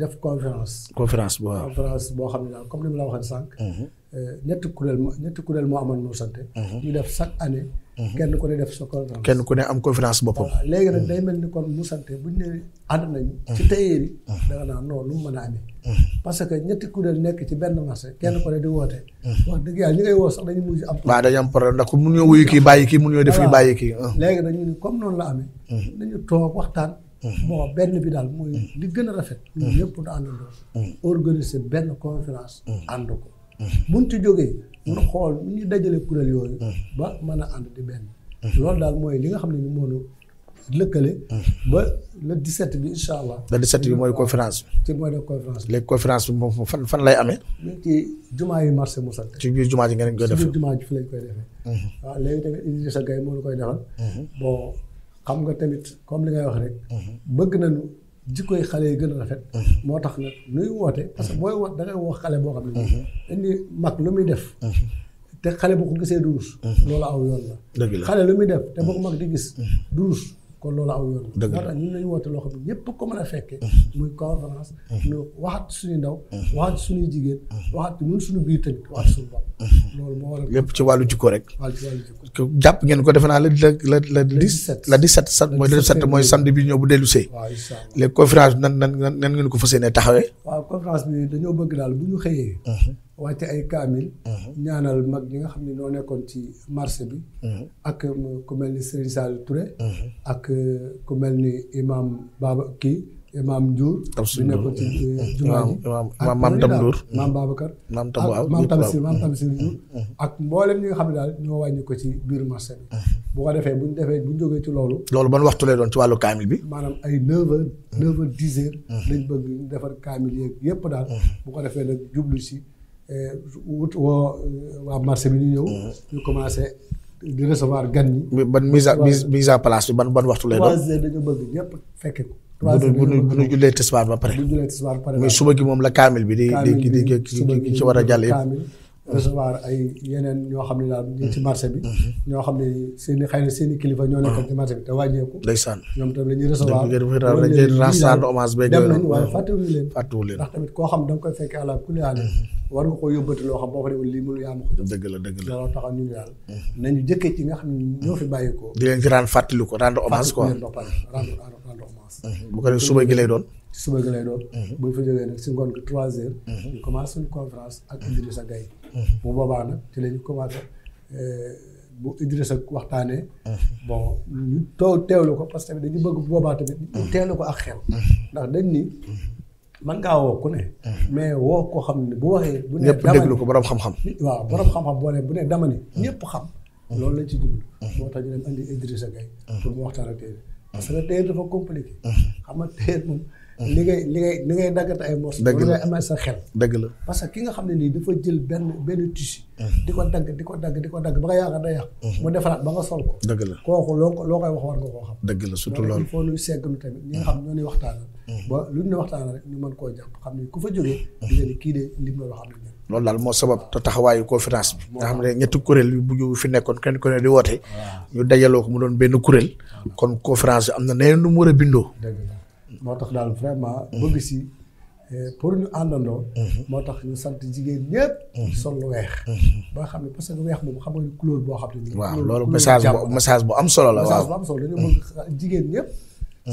def conférence. conférence waaw boo xam ne daal comme ni ma la waxee sànq. Mhm. Eh, ñetti kuréel ñetti kuréel moo am moo sant. Mhm. ñu def chaque année. Mhm. kenn ku ne def sa conférence. kenn ku ne am conférence boppam. léegi nag mhm. day mel ni kon mu sante bu ñu ne ànd nañu. Mhm. ci tayee bi. da nga naan non lu mu mën a amee. parce que ñetti kuréel nekk ci benn marché kenn ko ne di woote. wax dëgg yàlla ñu ngay woo sax dañu mujj am. waaw dañu am problème ndax mënuñoo wuyu kii bàyyi kii mu mënuñoo def kii bàyyi kii. léegi dañu ñu ni comme noonu la amee. dañu toog waxtaan. bon benn bi daal mooy li gën a rafet. ñun ñëpp ñu àndandoo. organiser benn conférence. ànd buñ ci jógee ñu xool nu ñuy dajale kuréel yooyu ba mën a ànd di benn loolu daal mooy li nga xam ne ñu moonu lëkkale ba la 17 bi incha allah. le 17 bi mooy conférence bi. ci mooy conférence bi. léegi bi moom fan fan lay amee. ci jumaa yi marché Moussa. ci biir jumaa ji ngeen koy defee ci biir jumaa ji fi lañ koy defee. Mhm. waaw léegi tamit Idrissa Gaye moo la koy defal. Mhm. bon xam nga tamit comme li ngay wax rek. Mhm. bëgg nañu. jikkoy xale yi gën a rafet. Mm-hmm. moo tax nag nuy woote. parce que booy woote da ngay woo xale boo xam ne. Mm-hmm. indi mag lu muy def. Mm-hmm. te xale bu ko gisee du rus. loolu aw yoon la. xale lu muy def te bu mag di gis. du kon loolu aw yoon dëgg la woote loo xam ne ñëpp ko a fekkee mm-hmm. muy conférence mm-hmm. ñu waxaat ndaw mm-hmm. waxaat suñuy jigéen waxaat ñun suñu biir tamit waxaat suñu moo waral lépp ci wàllu jikko rek wàllu ci jàpp ngeen ko defe naa la la la dix la dix sept sa mooy dix mooy samedi bi ñëw bu dellu see waaw incha allah léegi nan nan nan ngeen ko fas yéene taxawee waaw conférence bi dañoo bëgg daal bu ñu xëyee wàcce ay kaamil. Mhm. ñaanal mag ñi nga xam ne noo nekkoon ci marché bi. Mhm. ak ku mel ni Serigne Sall mhm. ak euh, ku mel ni imam Baba kii maam Ndiour. Tamsir Ndiour bi nekkoon ci euh, jumaa ji. ak maam Tam Ndiour maam Babacar. maam Tam waaw maam Tamsir maam Tamsir ak mboolem ñi nga xam ne daal ñoo wàññi ko ci biir marché bi. defee bu ñu defee bu ñu ci loolu. loolu ban waxtu lay doon ci wàllu kaamil bi. maanaam ay neuf heures. neuf lañ bëgg ñu defar kaamil yeeg yëpp daal. bu ko defee nag jublu si. wut woo waa marché bi ñu ñëw. ñu commencé di recevoir gan ñi. ban mise a mise à place bi ban ban waxtu lay doon. ñëpp fekke ko. trois heures bu ñu bu ñu jullee tisbaar ba pare. mais suba gi moom la kaamil bi. di di di di ci war a jàll yëpp. recevoir ay yeneen ñoo xam ne daal ñu ci marché bi mm-hmm. ñoo xam ne seen i xëy na seen kilifa ñoo nekk ci marché bi te wàññeeku ndeysaan ñoom tam la ñuy tamit koo xam da nga koy fekkee àla kulli haal mm-hmm. war nga koo yóbbati loo xam boo ko deful lii mënu yaa ma ko dëgg la dëgg la loolu taxaw ñu daal mm-hmm. nañu jëkkee ci nga xam ne ñoo fi bàyyi ko di leen ci rendre fàttali ko rendre hommage quoi rendre hommage bu suba gi lay doon suba gi lay doon bu fa jógee nag si ngoon gi trois heures ñu bu boobaa nag ci lañu commencé euh, bu Idrissa waxtaanee. bon ñu too ko parce que dañu bëgg bu boobaa tamit. ñu ko ak xel. ndax dañ ni man ngaa woo ku ne. mais woo ko xam ne bu waxee. bu ne dama ñëpp déglu ko borom xam waaw borom xam-xam bu ne dama ni xam. Mm-hmm. loolu lañ ci jublu. moo tax ñu dem andi Idrissa Gueye. pour mu waxtaan ak tey mm-hmm. parce que tey dafa compliqué. Mm-hmm. xam nga tey moom. li ngay li ngay li ngay daggate ay morceaux. dëgg la ngay amee sa xel. dëgg la parce que ki nga xam ne nii dafa jël benn benn hmm. di ko dagg di ko dagg di ko dagg ba nga yaakaar day yàq. Hmm. mu ba nga sol ko. dëgg kooku loo ko loo koy wax war nga dëgg la surtout loolu il faut ñu segglu tamit ñi nga xam ñoo ñuy waxtaanal. Hmm. lu ñu waxtaanal rek ñu mën koo jàpp xam ne ku fa jógee. di kii de lim la xam loolu daal moo sabab te taxawaayu conférence bi nga xam ne ñetti kuréel yu bu fi nekkoon kenn ku ne di woote ñu dajaloo ko mu doon benn kuréel kon conférence bi am na neneen nu mu war a bindoo moo tax daal vraiment. bëgg si eh, pour ñu àndandoo. Mhm. moo tax ñu sant jigéen ñëpp. Mhm. sol lu weex. Mhm. ba nga xam ne parce que weex moom xam nga couleur boo xam ne. waaw loolu message bu message bu am solo la. waaw am solo dañoo bëgg jigéen ñëpp.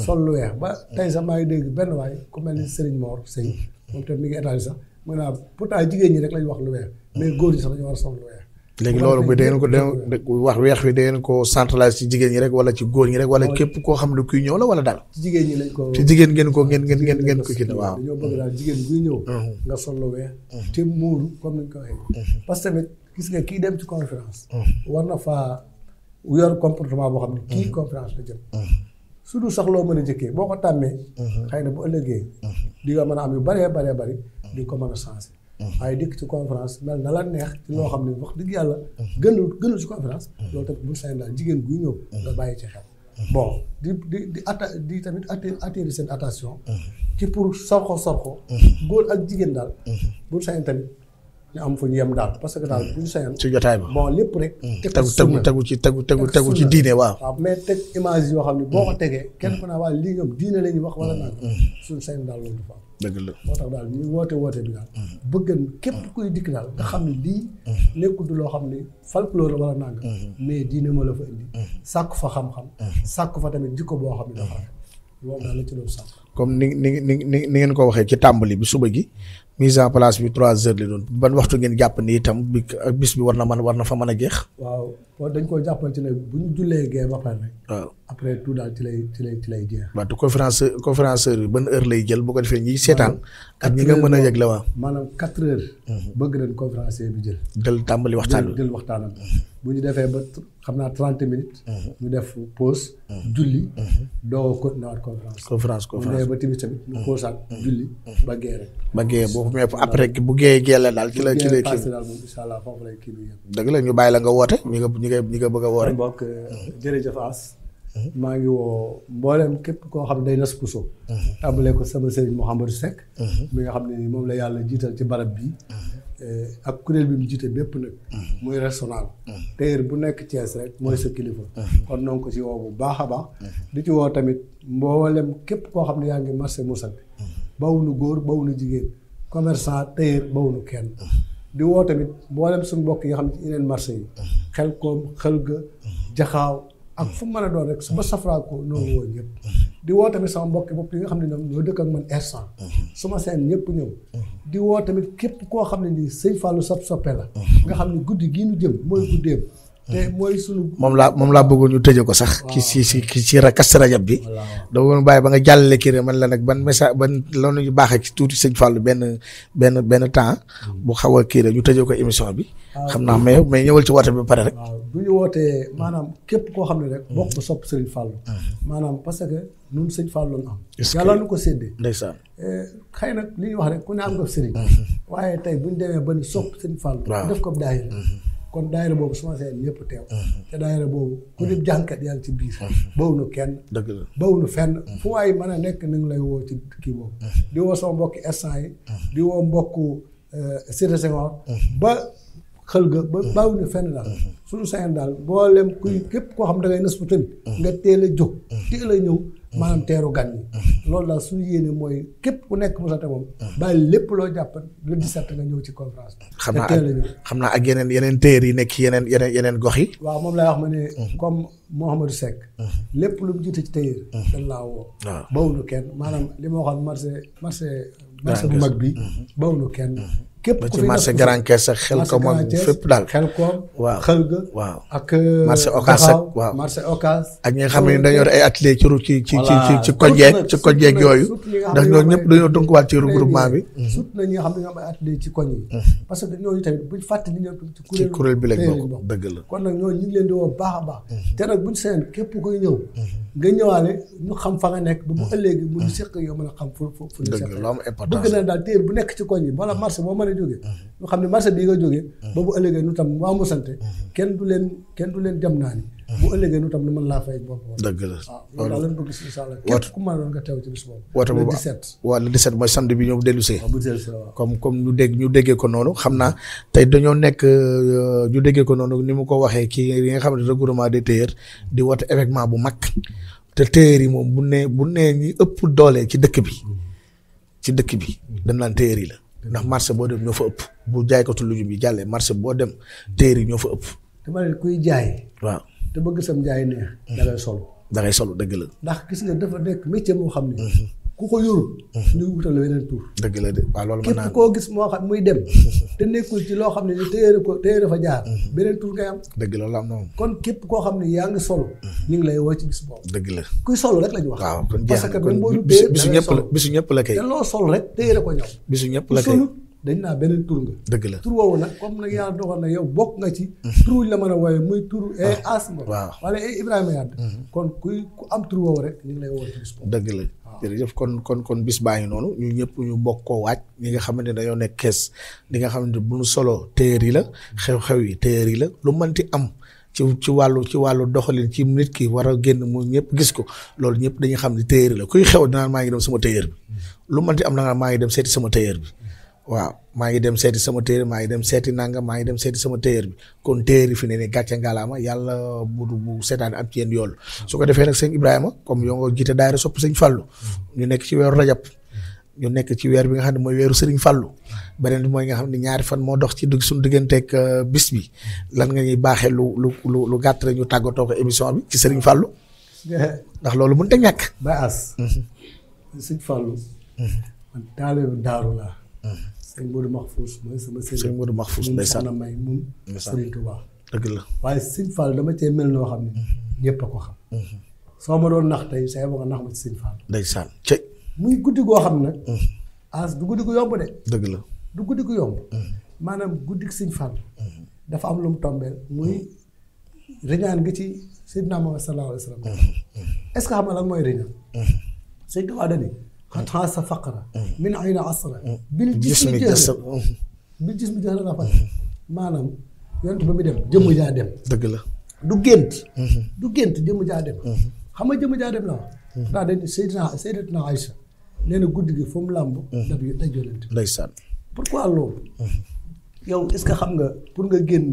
sol lu weex ba tey sax maa ngi dégg benn waay ku mel ni Serigne Mor Seye moom tamit mi ngi état sax mu ne pourtant jigéen ñi rek lañu wax lu weex mais góor ñi sax dañu war a sol lu weex. léegi loolu bi dangeen ko dangeen wax weex wi dangeen ko centraliser ci jigéen ñi rek wala ci góor ñi rek wala képp koo xam ne kuy ñëw la wala daal. ci jigéen ñi lañ ko ci jigéen ngeen ko ngeen ngeen ngeen ngeen ko kii waaw. dañoo bëgg daal jigéen buy ñëw. nga sol lu weex. te muuru comme ni ñu ko waxee. parce que gis nga kii dem ci conférence. war na faa yor comportement boo xam ne. kii conférence la jëm. su dul sax loo mën a njëkkee boo ko tàmmee. xay na bu ëllëgee. di nga mën a am yu baree baree bëri. di ko mën a Mm-hmm. waaye dikk ci confrance mel na la neex ci loo mm-hmm. xam ne wax dëgg yàlla mm-hmm. gënul gënul ci conférence loolu tamit buñ sañ daal jigéen guy ñëw nga bàyyi ci xel bon di di di atta di tamit attirer seen attention ci pour sorxo sorxo góor ak jigéen daal buñ sañ tamit ñu am fu ñu yem daal parce que daal mm. bu ñu sañoon ci jotaay ba bon lépp rek. Mm. tegu tegu tegu ci tegu tegu tegu ci diine waaw. waaw mais teg image yoo xam ne boo ko mm. tegee. kenn ku ne waa lii nga diine la ñuy wax wala naan. suñu sañoon daal daal ñu woote woote bi daal. bëgg képp kuy dikk daal nga xam ne lii. nekkul loo xam ne folklore la wala nanga mais diine ma la fa indi. sàkk fa xam-xam. sàkk fa tamit jikko boo xam ne dafa loolu daal la ci doon sàkk. comme ni ni ni ni ngeen ko waxee ci tàmbali bi suba gi mise en place bi trois heures li doon ban waxtu ngeen jàpp ni itam bi bis bi war na mën war na fa mën a jeex. waaw kon dañ koo jàppal ci ne bu ñu jullee gee ba pare. waaw après tout daal ci lay ci lay ci lay jeex. waaw te conférence conférencier bi ban heure lay jël boo ko defee ñiy seetaan. ak ñi nga mën a yëg la waaw maanaam quatre heures mhm. bëgg nañ conférencier bi jël jël tàmbali waxtaan bi jël waxtaanam mhm. bu ñu defee ba xam naa trente minutes mhm. ñu def pause julli doo continué waat conférence conférence conférence bu ba tamit tamit ñu pausaat julli ba gee ba gee boo fa fa après bu gee gee la daal ci la ci la kii daal moom incha allah lay dëgg la ñu bàyyi la nga woote ñi nga ñi nga ñi nga bëgg a woote mbokk jërëjëf As maa ngi woo mboolem képp koo xam ne day nas puso. tàmbalee ko sama sëriñ Mouhamadou Seck. mi nga xam ne ni moom la yàlla jiital ci barab bii. Eh, ak kuréel bi mu jiite bépp nag. muy régional. tey bu nekk Thiès rek mooy sa kilifa. kon noo ngi ko ci woo bu baax a baax. di ci woo tamit mboolem képp koo xam ne yaa ngi marché Moussane. bawuñu góor bawuñu jigéen commerçant tey bawuñu kenn. di tamit mboolem suñu mbokk yi xam ne ci yeneen marché yi. xel koom xel ga ak fu mu mën a doon rek su safraa safaraakoo noonu woo ñëpp di woo tamit sama mbokki bopp yi nga xam ne ñoom ñoo dëkk ak man instant suma seen ñëpp ñëw di woo tamit képp koo xam ne nii sëñ Fallou sop soppe la nga xam ne guddi gii nu jëm mooy guddeem te mooy sunu. moom laa moom laa bëggoon ñu tëjee ko sax. ki ci si ci si Kazu Rajab bi. da bëggoon bàyyi ba nga jàllale kii man la nag ban message ban loolu ñu baaxee ci tuuti sëñ Fallou benn benn benn temps. Hmm. bu xaw a kii rek ñu tëjee ko émission bi. Ah, xam naa mais mais ñëwal ci woote bi ba pare rek. waaw ñu wootee maanaam képp koo xam ne rek. Hmm. bokk ko sopp Serigne Fallou. Hmm. maanaam parce que ñun sëñ Fallou am. yàlla nu ko séddee. ndeysaan. Eh, xëy nag li ñu wax rek ku ne am nga Serigne. waaye tey bu ñu demee ba ni sopp Serigne Fallou. def ko daayira kon daayira boobu su ma seen ñëpp teew. Mhm. te daayira boobu ku di mhm. jànkat yaa ngi ci biir. Mhm. bawuñu kenn. dëgg la bawuñu fenn. fu waay mën a nekk ni lay woo ci kii boobu. di woo soo mbokki instant yi. di woo mbokku euh, Cité Senghor. ba xël ga ba bawuñu fenn daal. suñu sañoon daal boo lem kuy képp koo xam da ngay nës bu tamit. nga teel a jóg teel a ñëw. maanaam teeru gan yi loolu la suñu yéene mooy képp ku nekk Moussa te moom bàyyi lépp loo jàpp le 17 nga ñëw ci conférence bi xam naa xam naa ak yeneen yeneen téer yi nekk yeneen yeneen yeneen gox yi waaw moom lay wax ma ne mhm. comme Mouhamadou Seck mhm. lépp lu mu jiite ci téer mhm. dañ laa woo bawuñu kenn maanaam li ma waxoon marché marché marché bu mag bi bawuñu kenn képp ku fi ci marché grand caisse ak xel ko moom fépp daal xel ko waaw xel ga waaw ak marché euh, occas ak waaw marché occas ak ñi nga xam ne dañoo ay atelier ci bi sut na ñi nga xam ne ñoo am ay atelier ci koñ yi mm-hmm. parce que ñooñu tamit la kon nag ñooñu ñu ngi leen a mm-hmm. mm-hmm. nga ñëwaale ñu xam fa nga nekk ba bu ëllëgi mu ñu séq a xam fu fu ñu séq bëgg na daal nekk ci koñ yi wala marché boo mën jógee xam ne marché bii nga jógee ba bu ëllëgee nu tam waa mu sante kenn du leen kenn du leen dem naa ni bu ëllëgee nu tam nu mën laa fay bopp dëgg la ah, waaw loolu lañ bëgg si incha allah képp ku mën doon nga teew ci bis boobu woote boobu le 17 waaw le 17 mooy samedi bi ñoom dellu see ah, comme comme ñu dégg ñu déggee ko noonu xam naa tey dañoo nekk euh, ñu déggee ko noonu ni mu ko waxee ki yi nga xam ne regroupement des tailleurs di woote événement bu mag te tailleurs yi moom bu nee bu nee ñu ëpp doolee ci dëkk bi ci dëkk bi dañ naan tailleurs la ndax marché boo dem ñoo fa ëpp bu jaaykatu lujum yi jàllee marché boo dem téer yi ñoo fa ëpp. dama ne kuy jaay. waaw te bëgg sam jaay neex. da ngay sol da ngay sol dëgg la. ndax gis nga dafa nekk métier moo xam ne. Mhm. ku ko yoru mhm. ñu wutal la weneen tur dëgg la de waa loolu mën naa képp koo gis moo xam muy dem *laughs* te nekkul ci loo xam ne ni téyere ko téyere fa jaar mhm. beneen tur ngay am dëgg la la am moom kon képp koo xam ne yaa ngi solo mhm. ñu ngi lay woo ci gis boobu dëgg la kuy solo rek la ñu wax waaw parce que même boo ñu bisu ñëpp la bisu ñëpp la kay te loo sol rek téyere ko bi bisu ñëpp la kay dañ naa beneen tur nga. dëgg la tur woowu nag comme nag yàlla doxal na yow bokk nga ci. Mm-hmm. tur la mën a wooyee muy turu. Eh, ah, waaw Asma wala eh, Ibrahima Yade. Mm-hmm. kon kuy ku am tur woowu rek ñu ngi lay woo ci bis dëgg la jërëjëf kon kon kon bis baa ngi noonu ñu ñëpp ñu bokk koo waaj ñi nga xamante ne dañoo nekk kees li nga xamante ne bu ñu solo téer yi la xew-xew yi téer yi la lu mënti am. ci ci wàllu ci wàllu doxalin ci nit ki war a génn mu ñëpp gis ko loolu ñëpp dañuy xam ne téyeer la kuy xew dinaan maa ngi dem sama téyeer bi mm-hmm. lu mën ti am na maa ngi dem seeti sama téyeer bi waaw maa ngi dem seeti sama téere maa ngi dem seeti nangam maa ngi dem seeti sama téere bi kon téere fi ne ni gàcce ngalaama yàlla bu bu seetaan am ci yéen yoolu su ko defee nag sëñ Ibrahima comme yoo nga jiite daayira sopp sëñ Fallou ñu nekk ci weeru rajab ñu nekk ci weer bi nga xam ne mooy weeru sëriñ Fallou beneen bi mooy nga xam ne ñaari fan moo dox ci suñu digganteeg euh, bis bi lan nga ñuy baaxee lu lu lu gàtt rek ñu tàggatoo ko émission ci sëriñ Fallou ndax loolu mun te ñàkk. ba as. Mhm. sëñ Fallou. Mhm. man daaru laa. Mhm. sëñ Modou Mahfous mooy sama sëñ. sëñ Modou Mahfous ndeysaan moom may moom. Sëriñ baax dëgg la waaye sëñ Fall dama cee mel noo xam ne mhm. ñëpp a ko xam. Mhm. soo ma doon nax tey sa ma nga nax ma ci sëñ Fall. ndeysaan cëy. muy guddi goo xam nag. Mhm. du guddi gu yomb de. dëgg la du guddi gu yomb. maanaam guddi sëñ Fall. dafa am lu mu tombeel muy riñaan gi ci Seydina Muhammad sallallahu alayhi wa sallam. est-ce que xam nga mooy riñaan. sëñ Tuubaa dañuy. قد حاس فقرة la faj maanaam yonent ba mu dem jaa dem dëgg la du gént du gént jëmm jaa dem xam nga jëmm jaa dem la wax ndax dañ guddi gi fu mu làmb dab yu yow est-ce que xam nga pour nga génn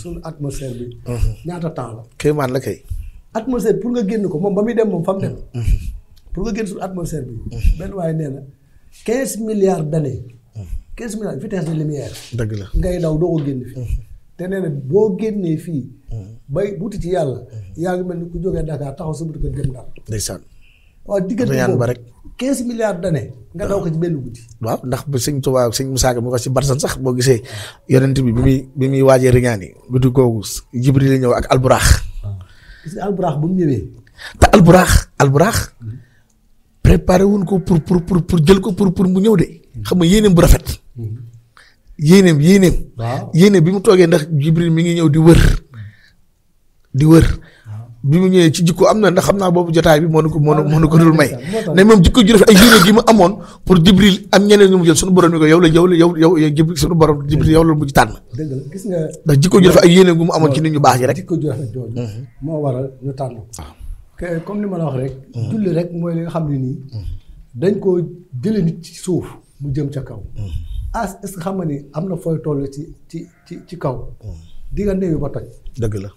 suñu atmosphère bi ñaata temps la kéemaan la kay atmosphère pour nga génn ko moom ba muy dem moom fa mu dem pour nga génn su atmosphère bi. Mm-hmm. benn waaye nee na quinze milliards d'années. Mm-hmm. quinze milliards vitesse dëgg la ngay daw doo ko génn fii. Mm-hmm. te nee boo génnee fii. bay buti ci yàlla. yaa ngi mel ni ku jógee Dakar taxaw sa butu ko dem daal. quinze milliards d'années. nga daw ko ci benn guddi. waaw ndax bu sëñ Tuubaa ak sëñ Musaa Ka mu ko si barsan sax boo gisee yonent bi bi muy bi muy waajee riñaan yi guddi googu Jibril la ñëw ak alburaax. gis nga alburaax bu mu ñëwee. te alburaax. préparé wuñ ko pour pour pour pour jël ko pour pour mu ñëw de. xam nga yéeneem bu rafet. yéeneem yéeneem. waaw yéeneem bi mu toogee ndax Jibril mi ngi ñëw di wër. di wër. bi mu ñëwee ci jikko am na ndax xam naa boobu jotaay bi moo ko moo moo ko dul may. ne moom jikko ju rafet ay gi mu amoon pour Jibril am ñeneen ñu mu jël suñu borom mi ko yow la yow la yow yow Jibril suñu borom Jibril yow la mujj tànn. dëgg la gis nga. ndax jikko ju rafet ay yéene mu amoon ci nit ñu baax yi rek. jikko ju rafet mhm. moo waral ñu tànn. comme ni ma la wax rek. Mm. julli rek mooy li nga xam ni nii. Mm. dañ koo jëlee nit ci suuf mu jëm ca kaw. Mm. ah est-ce que xam nga ni am na fooy toll ci ci ci ci kaw. di nga néew ba toj. dëgg la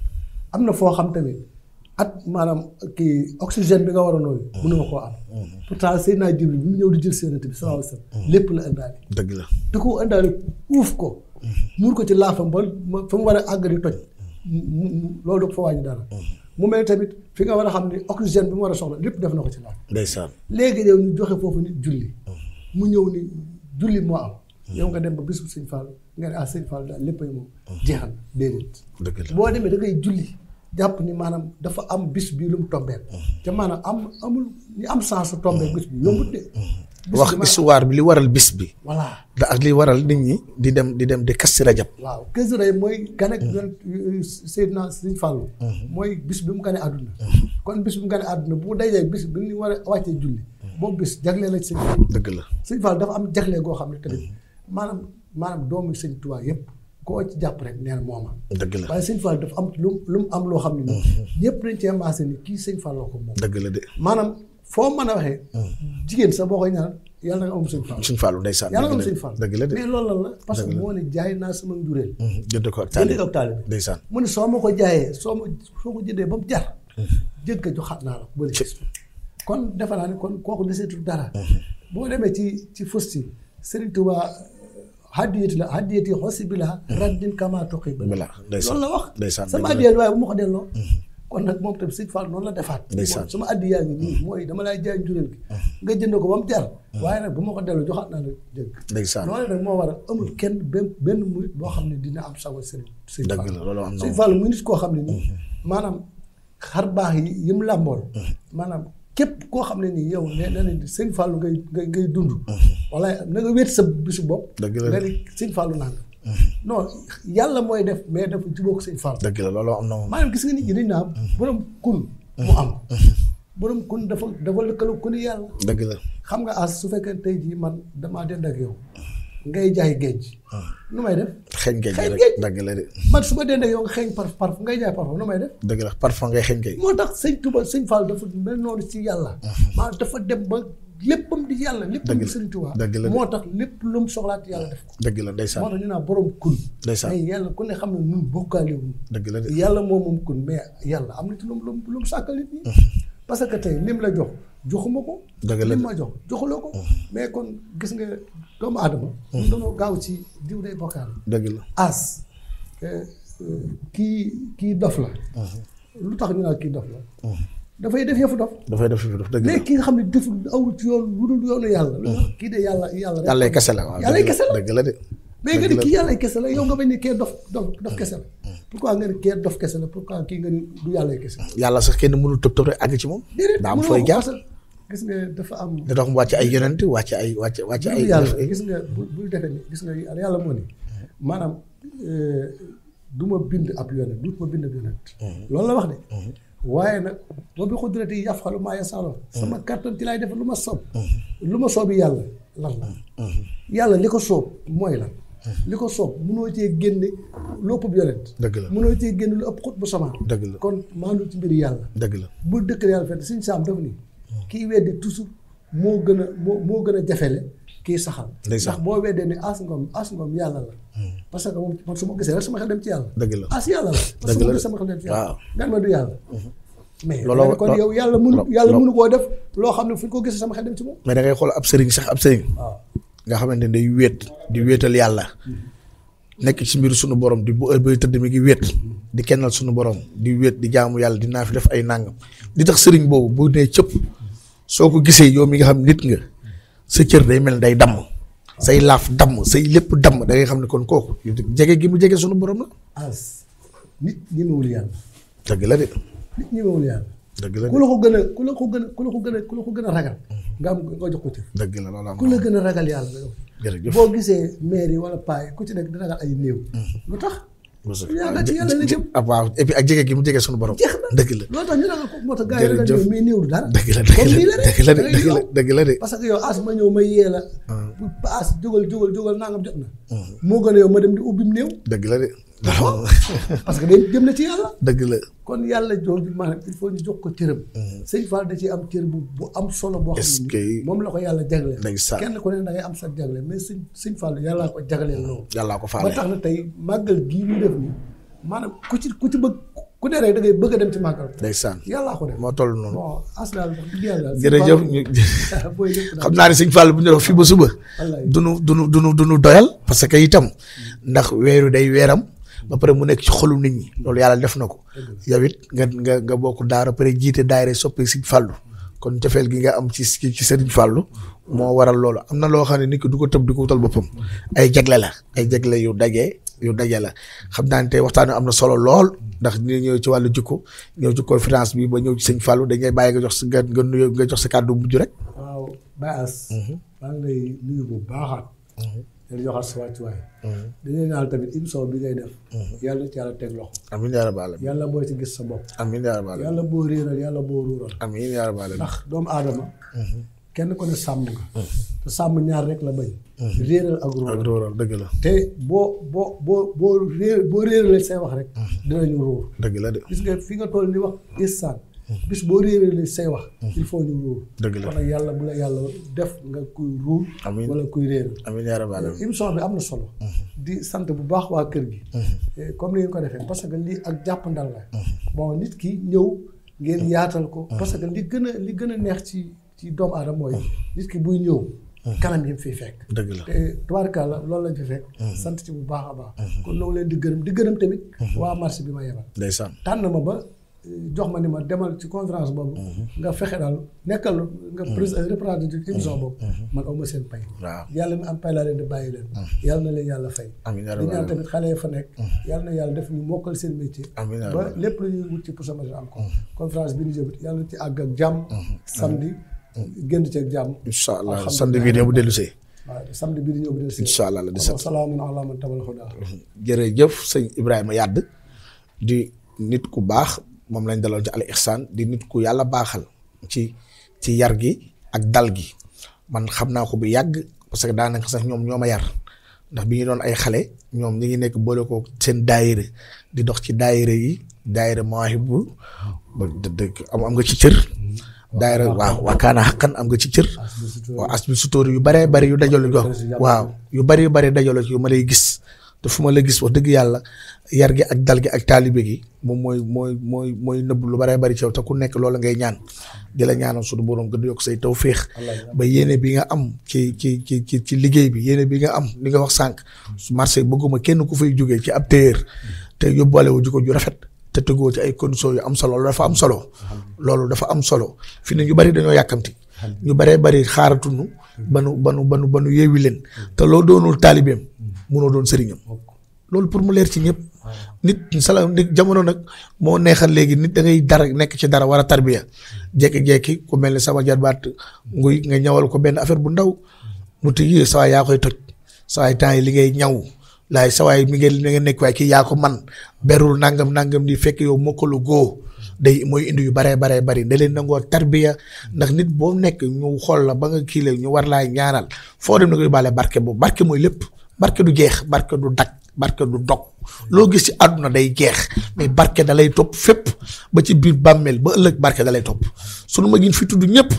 am na foo xam tamit at maanaam kii oxygène bi nga war a nooyu. mënoo koo am. pourtant naa Jibril bi mu ñëw di jël seen bi sallallahu alayhi wasallam lépp la indaale. dëgg la da koo indaale uuf ko. muur ko ci laafam ba fa mu war a àgg di toj. loolu da fa wàññi dara. mu mel tamit fi nga war a xam ne oxygène bi mu war a soxla lépp def na ko ci laaj. ndeysaan léegi yow ñu joxe foofu nit julli. mu ñëw ni julli moo am. yow nga dem ba bisu sëñ Fall nga ne ah sëñ Fall lépp léppay moom. jeexal déedéet. dëgg la boo demee da ngay julli jàpp ni maanaam dafa am bis bii lu mu tombeel. Mm-hmm. te maanaam am amul ñu am sens tombeel mm-hmm. bis bi yombut de. Mm-hmm. wax histoire bi li waral bis bi. voilà da ak li waral nit ñi. di dem di dem di Kazu Rajab. waaw Kazu Rajab mooy. gane mm-hmm. euh, Seydina Sëriñ Fallu. Mm-hmm. mooy bis bi mu gane àdduna. Mm-hmm. kon bis bi mu gane àdduna bu dajee bis bi ñu war a wàccee julli. boobu bis jagleel la si dëgg la sëñ Fall dafa am jaglee goo xam ne tamit maanaam maanaam doomu sëñ Tuubaa yëpp koo ci jàpp rek nee mooma dëgg la waaye sëñ Fall dafa am lu lu mu am loo xam ne nii ñëpp dañ cee maase ni kii sëñ Fall la ko moom dëgg la maanaam foo mën a waxee. Hmm. jigéen sax boo koy ñaanal yàlla nga am suñu faalu. suñu faalu ndeysaan yàlla nga am suñu la parce que moo jaay naa sama njureel. Hmm, jënd ko ak taalibe jënd ko ak taalibe. mu soo ma ko jaayee soo ma soo ko jëndee ba mu jar. Hmm. jënd ko joxaat naa la bu kon defe ne kon kooku deseetul dara. boo demee ci ci fosti Serigne Touba hadiyati la hadiyati xosi bi la. raddin kama toqi bi la. loolu la wax. ndeysaan sama waaye bu ma ko delloo. kon nag moom tam sëñ Fall noonu la defaat. ndeysaan sama addi yaa ngi nii mooy dama laay jaay njureel gi. Ah. nga jënd ko ba mu jar. Ah. waaye nag bu ma ko delloo joxaat naa la dégg. ndeysaan loolu nag moo waral amul kenn benn benn murit boo xam ne dina am sago sëriñ. sëñ Fall dëgg la loolu am na sëñ Fall muy nit koo xam ne nii. Mm-hmm. maanaam xar baax yi yi mu làmbool. Mm-hmm. maanaam képp koo xam ne nii yow nee na leen sëñ Fall ngay ngay ngay dund. Mm-hmm. walaay na nga wéet sa bisu bopp. dëgg la nga ni sëñ Fall naan. non yàlla mooy def mais dafa jubóog sëñ Fall. dëgg la looloo am na moom. maanaam gis nga nit ñi dañ naan. borom mu am. borom kun dafa dafa lëkkaloo kuni yàlla. dëgg la xam nga as su fekkee tey jii man damaa dend ak yow. ngay jaay géej. nu may def. xeeñ géej rek dëgg la de. man su ma dendee yow nga xeeñ parf ngay jaay parfum nu may def. dëgg la parfum ngay xeeñ géej. moo tax sëñ Tuba sëñ Fall dafa mel noonu ci yàlla. Mhm. maa dafa dem ba léppam di yàlla léppam di Sëriñ Tuubaa moo tax lépp lu mu soxlaat yàlla def ko dëgg la ndeysaan moo tax ñu naan borom kun ndeysaan mais yàlla ne xam ne nun bokkaale wuñ dëgg la moom moom kun mais yàlla am na ci lu mu lu mu sàkkal mm-hmm. parce que tey lim la jox joxuma ko dëgg la lim ma jox joxuloo ko mm-hmm. mais kon gis nga doomu aadama mm-hmm. ñu doonoo gaaw ci diw day bokkaale dëgg la as eh, eh, kii kii dof la lu tax ñu naan kii dof la dafay def yëfu dof. dafay def yëfu dof dëgg la ki nga xam ne deful awul yoon lu dul yoonu hmm. ah, kii de yàlla yàlla. yàlla kese la waaw yàlla kese la dëgg la yàlla kese la yow nga bañ ne kee dof dof dof hmm. hmm. kese la. pourquoi nga ne kee dof kese kii nga ni du yàlla yàlla sax kenn mënul tëb tëb rek àgg ci moom. déedéet daa am fooy jaar gis nga dafa am. da tax mu wàcc ay yonent wàcc ay wàcc wàcc ay. yàlla gis nga bu bu defee gis nga yàlla moo ni maanaam euh, duma bind ab yonent du ma bind ab yonent loolu la wax de waaye nag boo bi xudrati yi yafxalu maa yasaalo mm-hmm. sama kàttan ci laay def lu ma sob mm-hmm. lu ma soob yàlla lan la mm-hmm. yàlla li ko soob mooy la li ko soob mënoo cee génne lu ëpp yonent dëgg la mënoo cee génne lu ëpp xut bu sama dëgg la kon maandu ci mbiri yàlla dëgg la bu dëkk yàlla fenn suñ saam dafa nii kii weddi toujours moo gën a moo moo gën a jafele kii saxal ndax boo weddee ni as ngoom as ngoom yàlla la parce que moom man ma dem ci la ah si yàlla la. sama xel dem ci yàlla. nga yàlla. Mhm. mais kon yow yàlla mënu yàlla koo def loo xam ne fu ko gisee sama xel dem ci moom. mais da ngay xool ab sëriñ sax ab sëriñ. nga xamante ne day wéet di wéetal yàlla. Mhm. nekk ci mbiru sunu borom di bu heure tëdd mi ngi wéet. di kennal sunu borom di wéet di jaamu yàlla dinaa fi def ay nàngam di tax sëriñ boobu bu nee cëpp soo ko gisee yow mi nga xam nit nga sa cër day mel day damm. say laaf damm say lépp damm da ngay xam ne kon kooku jege gi mu jege sunu borom la. as nit ñemewul yàlla. dëgg la de. nit ñemewul yàlla. dëgg la ku la ko gën ku la ko gën a ku la ko gën a la ko gën a ragal. nga am nga jox ko ci. dëgg la loolu am ku la gën a ragal yàlla. jërëjëf boo gisee maire yi wala paa yi ku ci nekk di ragal ay néew. Mm-hmm. lu tax. yaakaar ci yàlla la jëm ah, waaw et puis ak jege gi mu jege suñu borom. dëgg la loolu tax ñu ne ko moo tax gars yi dañu mais néew dara. dëgg la dëgg la dëgg la dëgg la de parce que yow as ma ñëw ma yee la. Ah. as jógal jógal jógal nangam jot ah. moo gën yow ma dem di ubbi néew. dëgg la de. *laughs* parce que day dem na ci yàlla. dëgg la kon yàlla jooju maanaam il faut ñu jox ko cëram. Mm-hmm. sëñ Fall da ci am cër bu bu am solo. boo xam ne moom la ko yàlla jagleel. kenn ku ne da ngay am sa jagleel mais sëñ sëñ Fall yàllaa ko jagleel loolu. Mm-hmm. yàllaa ko faale ba na tey màggal gii def maanaam ku ci ku ci bëgg. ku da ngay bëgg a dem ci màggal. ndeysaan yàllaa ko def moo toll noonu. bon as *laughs* *laughs* naa jërëjëf xam naa ne sëñ Fall bu ñu fii ba suba. du nu du nu du nu nu doyal. parce que itam ndax weeru day weeram. ba pare mu nekk ci xolu nit ñi loolu yàlla def na ko yow it nga nga nga bokk daara pare jiite daare soppee si fàllu kon cofeel gi nga am ci ci sëriñ fàllu moo waral loolu am na loo xam ne nit ki du ko tëb di ko wutal boppam ay jagle la ay jagle yu dagee yu daje la xam naa ne tey waxtaan am na solo lool ndax dina ñëw ci wàllu jikko ñëw ci conférence bi ba ñëw ci sëñ Fallou dañ lay bàyyi nga jox sa nga nuyoo nga jox sa kàddu mujj rek. waaw Baas. Mhm. maa ngi dañuy joxal sa wàccuwaay. Mhm. dañuy naan tamit émission bi ngay def. Mhm. yàlla ci yàlla teg loxo. amiin yaa rabbal aalamiin yàlla boo ci gis sa bopp. amiin yaa rabbal aalamiin yàlla boo réeral yàlla boo ruural. amiin yaa rabbal ndax doomu aadama. Mhm. kenn ko ne sàmm nga. sàmm ñaar rek la bañ. réeral ak ruural ak ruural dëgg la. te boo boo boo boo réer boo réeralee say wax rek. dinañu ruur. dëgg la de gis nga fi nga toll ni wax isaan. bis boo réeréer say wax. Mhm. il faut ñu ruur. dëgg la yàlla bu la yàlla def nga kuy ruur. amiin wala kuy réer. amiin yaa rabbal aalamiin émission bi am na solo. Mhm. di sant bu baax waa kër gi. Mhm. Eh, comme ni ngeen ko defee parce que lii ak jàpp la. bon nit ki ñëw ngeen yaatal ko. parce que li gën a li gën a neex ci ci doomu aadama mooy nit ki buy ñëw. kanam yi mu fiy fekk. dëgg la te eh, tubaarkàlla loolu lañ fi fekk. sant ci bu baax a baax. kon loolu leen di gërëm di gërëm tamit. waa marché bi ma yebal. ndeysaan tànn ma ba. jox ma ni ma demal ci conférence boobu. nga fexe daal nekkal nga président représentatif émission boobu. man aw ma seen pay. yàlla mi am pay laa leen di bàyyi leen. yàlla na leen yàlla fay. amiin di ñaan tamit xale yi fa nekk. yàlla na yàlla def ñu mokkal seen métier. ba lépp lu ñuy wut ci pour sama am ko. conférence bi ñu jëm yàlla na ci àgg ak jàmm. samedi génn ci ak jàmm. incha allah samedi bii ñëw bu dellusee. waaw samedi bii di ñëw bu dellusee. incha allah la di sant jërëjëf sëñ Ibrahima Yàdd di nit ku baax moom lañ dalal ci Al Ihsan di nit ku yàlla baaxal ci ci yar gi ak dal gi man xam naa ko bu yàgg parce que daanaka sax ñoom ñoo ma yar ndax bi ñu doon ay xale ñoom ñi ngi nekk boole ko seen daayira di dox ci daayira yi daayira Mawahibou am am nga ci cër. Mm-hmm. daayira waaw waa Kaana xaqan am nga ci cër. waaw as bi sutóor yu baree bari yu dajalu jox waaw yu bari yu bari dajalu ci yu ma lay gis te fu ma la gis wax dëgg yàlla yar gi ak dal gi ak taalibe gi moom mooy mooy mooy mooy nëbb lu baree bari ci yow te ku nekk loola ngay ñaan di la ñaanal suñu borom gën a yokk say taw féex ba yéene bi nga am ci ci ci ci ci liggéey bi yéene bi nga am li nga wax sànq su marché bëgguma kenn ku fay jógee ci ab téyeer te yóbbaale wu jikko ju rafet te tëggoo ci ay conditions yu am solo loolu dafa am solo loolu dafa am solo fi ne ñu bari dañoo yàkkamti ñu baree bari nu xaaratunu banu banu banu banu yeewi leen te loo doonul taalibeem mm. munoo doon sëriñam loolu pour mu leer ci ñëpp nit sala nit jamono nag moo neexal léegi nit da ngay dara nekk ci dara war a tarbiya jekki-jekki ku mel ni sama jarbaat nguy nga ñawal ko benn affaire bu ndaw mu tëjee sawaay yaa koy toj sawaay temps yi li ngay ñaw laay sawaay mi ngeen mi ngeen nekk waaye kii yaa man berul nangam nangam di fekk yow mokkalu góo day mooy indi yu baree baree bari da leen nangoo tarbiya ndax nit boo nekk ñu xool la ba nga kii la ñu war laay ñaanal foo dem na koy bàlle barke boobu barke mooy lépp barke du jeex barke du daj barke du dog loo gis ci àdduna day jeex mais barke da lay topp fépp ba ci biir bàmmeel ba ëllëg barke da lay topp nu ma yi fi tudd ñëpp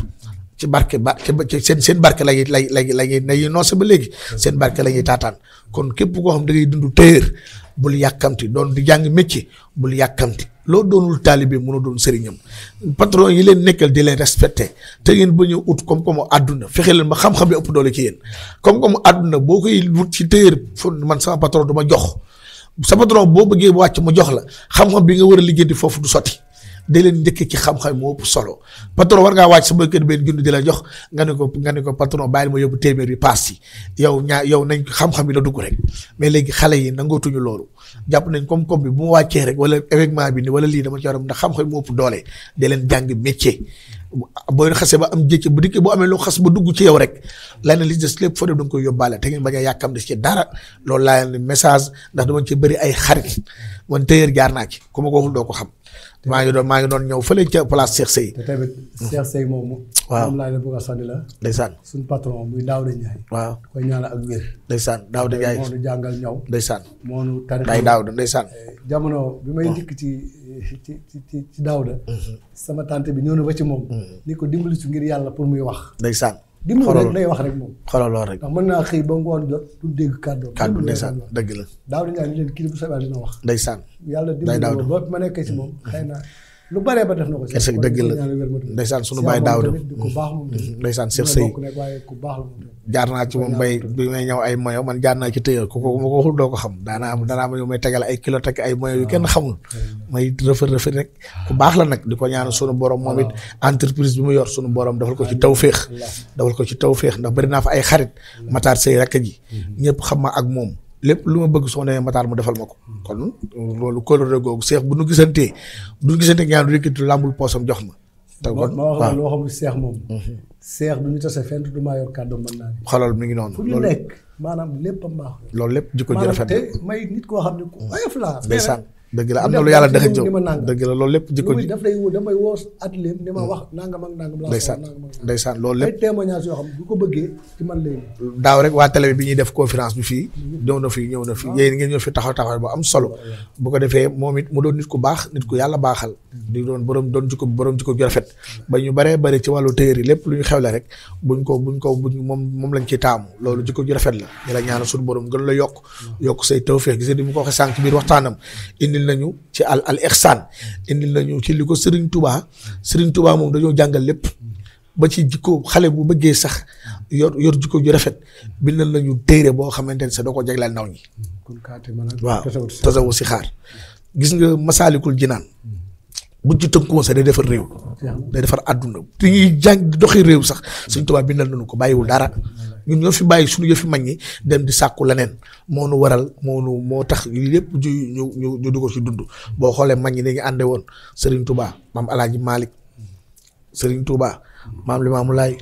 ci barke ba ci seen seen barke la ñuy la ñuy la ñuy la ñuy noose ba léegi seen barke la ñuy taataan kon képp koo xam da ngay dund téer bul yàkkamti doon di jàng métier bul yàkkamti loo doonul taalibe mënoo doon sëriñam patron yi leen nekkal di leen respecté te ngeen ba ñëw ut koom-koomu àdduna fexe leen ma xam-xam bi ëpp doole ci yéen koom-koomu àdduna boo koy wut ci téer man sama patron du ma jox. sa patron boo bëggee wàcc mu jox la xam-xam bi nga war a liggéey foofu du sotti da leen njëkk ci xam-xam moo ëpp solo patron war ngaa wàcc sama kër benn junni di la jox nga ne ko nga ne ko patron bàyyil ma yóbbu téeméer bi paas si yow ñaa yow nañ xam-xam yi la dugg rek mais léegi xale yi nangootuñu loolu jàpp nañ comme koom bi bu mu wàccee rek wala événement bi ni wala lii dama ci waram ndax xam-xam moo ëpp doole da leen jàng métier booy xasee ba am jékki bu dikki boo amee lu xas ba dugg ci yow rek la ne li des lépp foo da nga koy yóbbaale te ngeen bañ a yàkkam di ci dara loolu laa leen message ndax dama ci bari ay xarit man téyeer jaar naa ci ku ma doo ko xam maa ngi doon maa ngi doon ñëw fële ca place Cheikh Seye. te tamit Cheikh Seye moomu. waaw moom laa leen a sant la. ndeysaan suñ patron muy Daouda Ndiaye. waaw koy ñaanal ak wér. ndeysaan Daouda Ndiaye moo nu jàngal ñaw. ndeysaan moo nu tari. day Daouda ndeysaan. Eh, jamono bi may dikk ci ci ci ci Daouda. Mhm. sama tante bi ñëw na ba ci moom. Mhm. ni ko dimbali su ngir yàlla pour muy wax. ndeysaan. di mu rek wax rek moom xoolal lool rek ndax mën naa xëy ba ngoon jot du dégg kàddu kàddu ndeysaan dëgg la daaw di ngaa ñu leen kii bu sabaa dina wax ndeysaan yàlla dimbali ba ma nekkee si moom mm-hmm. xëy na lu baree ba def na ko. kese dëgg la ndeysaan sunu baay daaw de. Mm-hmm. ndeysaan Cheikh Seye jaar naa ci moom bay bi may ñëw ay moyo man jaar naa ci tëye ko ko ma ko waxul doo ko xam daanaa am danaa ma ñëw may tegal ay kilo teg ay moyo yu kenn ah. xamul. Ah. may rëfër rëfër rek ku baax la nag di ko ñaan sunu borom moom it ah. entreprise bi mu yor sunu borom dafal ko ci taw féex. dafal ko ci taw féex ndax bari naa fa ay xarit. Matar Seye rek ji. Mm-hmm. ñëpp xam ma ak moom. lépp lu ma bëgg soo nee Matar mu defal ma ko. kon loolu kóllëre googu seex bu nu gisantee du nu gisantee ñaar rëkkati làmbul jox ma. te kon ma wax la loo xamul seex moom. seex mhm. du ñu tase fenn du maa xalal mi ngi noonu. fu ñu nekk maanaam lépp a baax. loolu lépp jikko ji rafet na. maanaam may nit koo xam ne ku oyof laa. ndeysaan dëgg la am na lu yàlla dëgg jikko ji daf lay woo damay woo atleem ni ma mm. wax nangam ak nangam bi bi ñuy def conférence bi fii mm-hmm. ñëw na fii ñëw na fii ah. yéen ngeen ñëw fi taxaw taxaw bu am solo ko defee mm-hmm. ba ñu baree ci lu ñu xewle rek buñ ko la ñu la ñaanal suñu borom gën la yokk mm-hmm. yokk say tawfeex gisee di mu ko waxee sànq biir waxtaanam indi indil nañu ci al al ihsan indil nañu ci li ko Serigne Touba Serigne Touba moom dañoo jàngal lépp ba ci jikko xale bu bëggee sax yor yor jikko ju rafet bi na nañu téere boo xamante ne sax doo ko jagleel ndaw ñi. waaw tasawur si xaar gis nga masaalikul jinaan bu buñ ci tënkuwoon sax day defar réew. day defar àdduna te ñuy jàng doxi réew sax suñ tubaab bindal nañu ko bàyyiwul dara. ñun ñoo fi bàyyi suñu yëfi mag ñi dem di sàkku leneen moo nu waral moo moo tax lépp ju ñu ñu ñu dugg ci dund boo xoolee mag ñi dañuy ànde woon Serigne Touba maam El Hadj Malick Serigne Touba maam Limamou Laye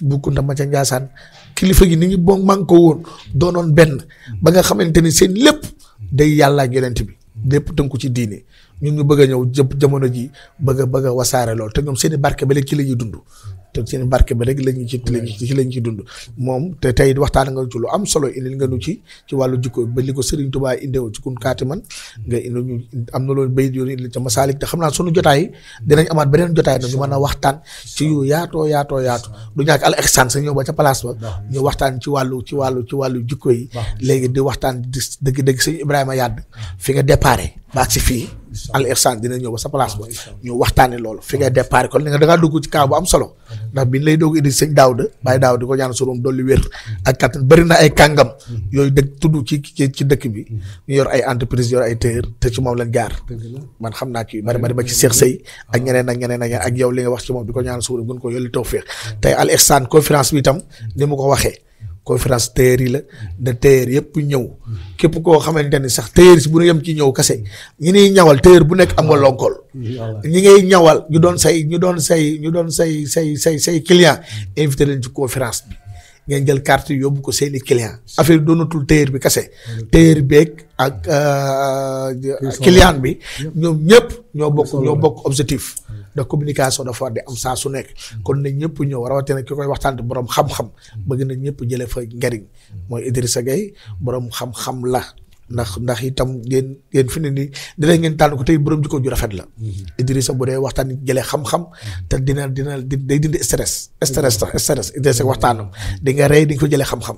Boukounta ma ca Ndiassane kilifa gi ni ñu bon man ko woon doonoon benn ba nga xamante ni seen lépp day yàlla ak yonent bi lépp tënku ci diine ñun ñu bëgg a ñëw jëpp jamono ji bëgg a bëgg a wasaare lool te ñoom seen i barke ba léegi ci la ñuy dund te seen i barke ba léegi la ñu ci lañu ci ñu ci dund moom te tey waxtaan nga ci lu am solo indil nga nu ci ci wàllu jikko ba li ko Serigne Touba indeew ci kun kaati man nga indil ñu am na loolu bayit yoonu indil ca masaalik te xam naa sunu jotaay dinañ amaat beneen jotaay nag ñu mën a waxtaan ci yu yaatoo yaatoo yaatu du ñàkk al ihsan sa ñëw ba ca place ba ñu waxtaan ci wàllu ci wàllu ci wàllu jikko yi léegi di waxtaan di dëgg-dëgg sëñ Ibrahima Yade fi nga déparé ba si fii al dina ñëw ba sa place ba ñu waxtaanee loolu fi ngay départ kon li nga da ngaa dugg ci kaw bu am solo ndax biñ lay doog indi sëñ Daawda bàyyi mm-hmm. daaw di ko ñaan suróom dolli wér mm-hmm. ak kattan bëri na ay kàngam mm-hmm. yooyu dëkk tudd ci ci dëkk bi yor ay entreprise yor ay téer te ci moom lañ jaar man xam naa kii bari bari ba ci Seex Sëy ak ñeneen ak ñeneen ak ak yow li nga wax di ko ñaan suróom gën ko yolli tawfeex tey al irsan conférence bi tam ni mu ko waxee conférence tailleur yi la de tailleur yëpp ñëw képp koo xamante ni sax tailleur si bu ñu yem ci ñëw kase ñu ñuy ñawal tailleur bu nekk am nga lonkool ngay ñawal ñu doon say ñu doon say ñu doon say say say say client invité leen ci conférence bi ngeen jël carte yóbbu ko seeni client affaire doonatul tailleur bi kase tailleur beeg ak euh, client bi ñoom ñëpp ñoo bokk ñoo bokk objectif ndax communication dafa war di am saa su nekk kon na ñëpp ñëw rawatina ki koy waxtaan te borom xam-xam bëgg na ñëpp jële fa njariñ mooy Idrissa Gueye borom xam-xam la ndax ndax itam ngeen ngeen fi ne nii dina ngeen tànn ko tey borom jikko ju rafet la. sa bu dee waxtaan jëlee xam-xam. te dina dina day dindi stress. stress sax stress Idrissa waxtaanam di nga rey di nga ko jëlee xam-xam.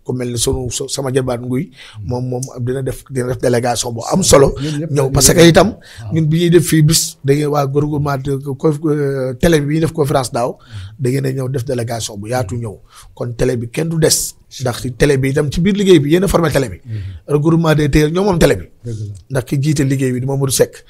ko mel ni sunu sama jabaat nguy hmm. moom moom dina def dina def délégation bu am solo. ñëw parce que itam. ñun bi ñuy def fii bis da ngeen waa groupement euh, télé bi ñuy def conférence daaw hmm. da ngeen a ñëw def délégation bu yaatu ñëw kon bi kenn du des. ndax télé bi itam ci biir liggéey bi yéen a formé télé bi. Hmm. regroupement ñoo moom tele bi. ndax ki jiite liggéey bi di Mamadou sekk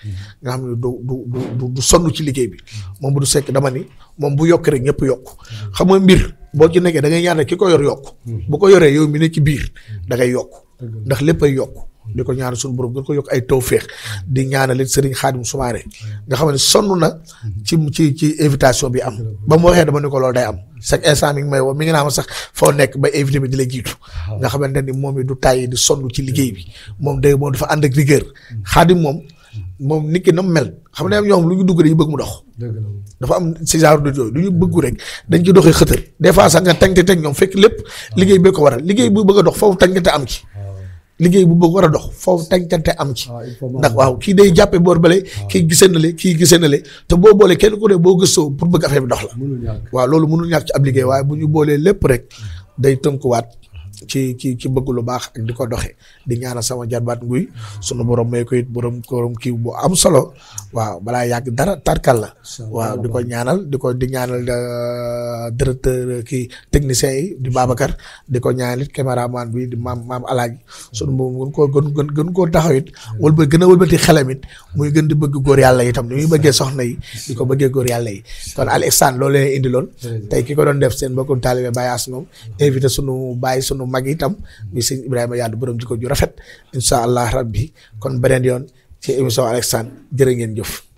nga xam ne du du du sonn ci liggéey bi. moom ba du Seck dama ni moom bu yokk rek ñëpp yokk. xam nga mbir. boo ci nekkee da ngay ñaan ki ko yor yokk bu ko yoree yow mi ne ci biir da yokk ndax lépp ay yokk di ko ñaanal suñu borom gën ko yokk ay feex di ñaanal Serigne Khadim Soumaré nga xam ne sonn na ci ci ci invitation bi am ba mu waxee dama ne ko loolu day am chaque instant mi ngi may mi ngi naa ma sax foo nekk ba invité bi di la jiitu nga xamante ni moom it du tàyyi di sonn ci liggéey bi moom day moom dafa ànd ak rigueur Khadim moom moom nit ki na mu mel xam ne am ñoo xam lu ñu dugg dañu bëgg mu dox dafa am si genre de yooyu lu ñu bëggu rek dañ ci doxee xëtër des fois sax nga tànkte teg ñoom fekk lépp liggéey bee ko waral liggéey bu bëgg a dox foofu tànkante am ci ah. liggéey bu bëgg a dox foofu tànkante am ci ah, ndax waaw kii day jàppe boor ba bale ah. kii gisanale kii gisanale te boo boolee kenn ku ne boo gëstoo pour bëgg a bi dox la waaw loolu mënul ñàkk ci ab liggéey waaye bu ñu boolee lépp rek hmm. day tënkuwaat ci ci ci bëgg lu baax ak di ko doxe di ñaanal sama jarbaat nguy sunu borom may ko it borom korom kii bu am solo waaw balaa yàgg dara tarkal la waaw di ko ñaanal di ko di ñaanal euh, directeur euh, kii technicien yi di Babacar di ko ñaanal it caméraman bi di maam maam alaaji sunu boobu gën koo gën gën gën koo taxaw it wëlba gën a wëlbati xelam it muy gën di bëgg góor yàlla itam ni muy bëggee soxna yi di ko bëggee góor yàlla yi kon al ihsan loolu leen indi lool tey ki ko doon def seen mbokkum taalibe Baye mag itam muy sëñ Ibrahima Yade borom jikko ju rafet incha allah rabbi kon beneen yoon ci émission Alexandre jërë ngeen jëf.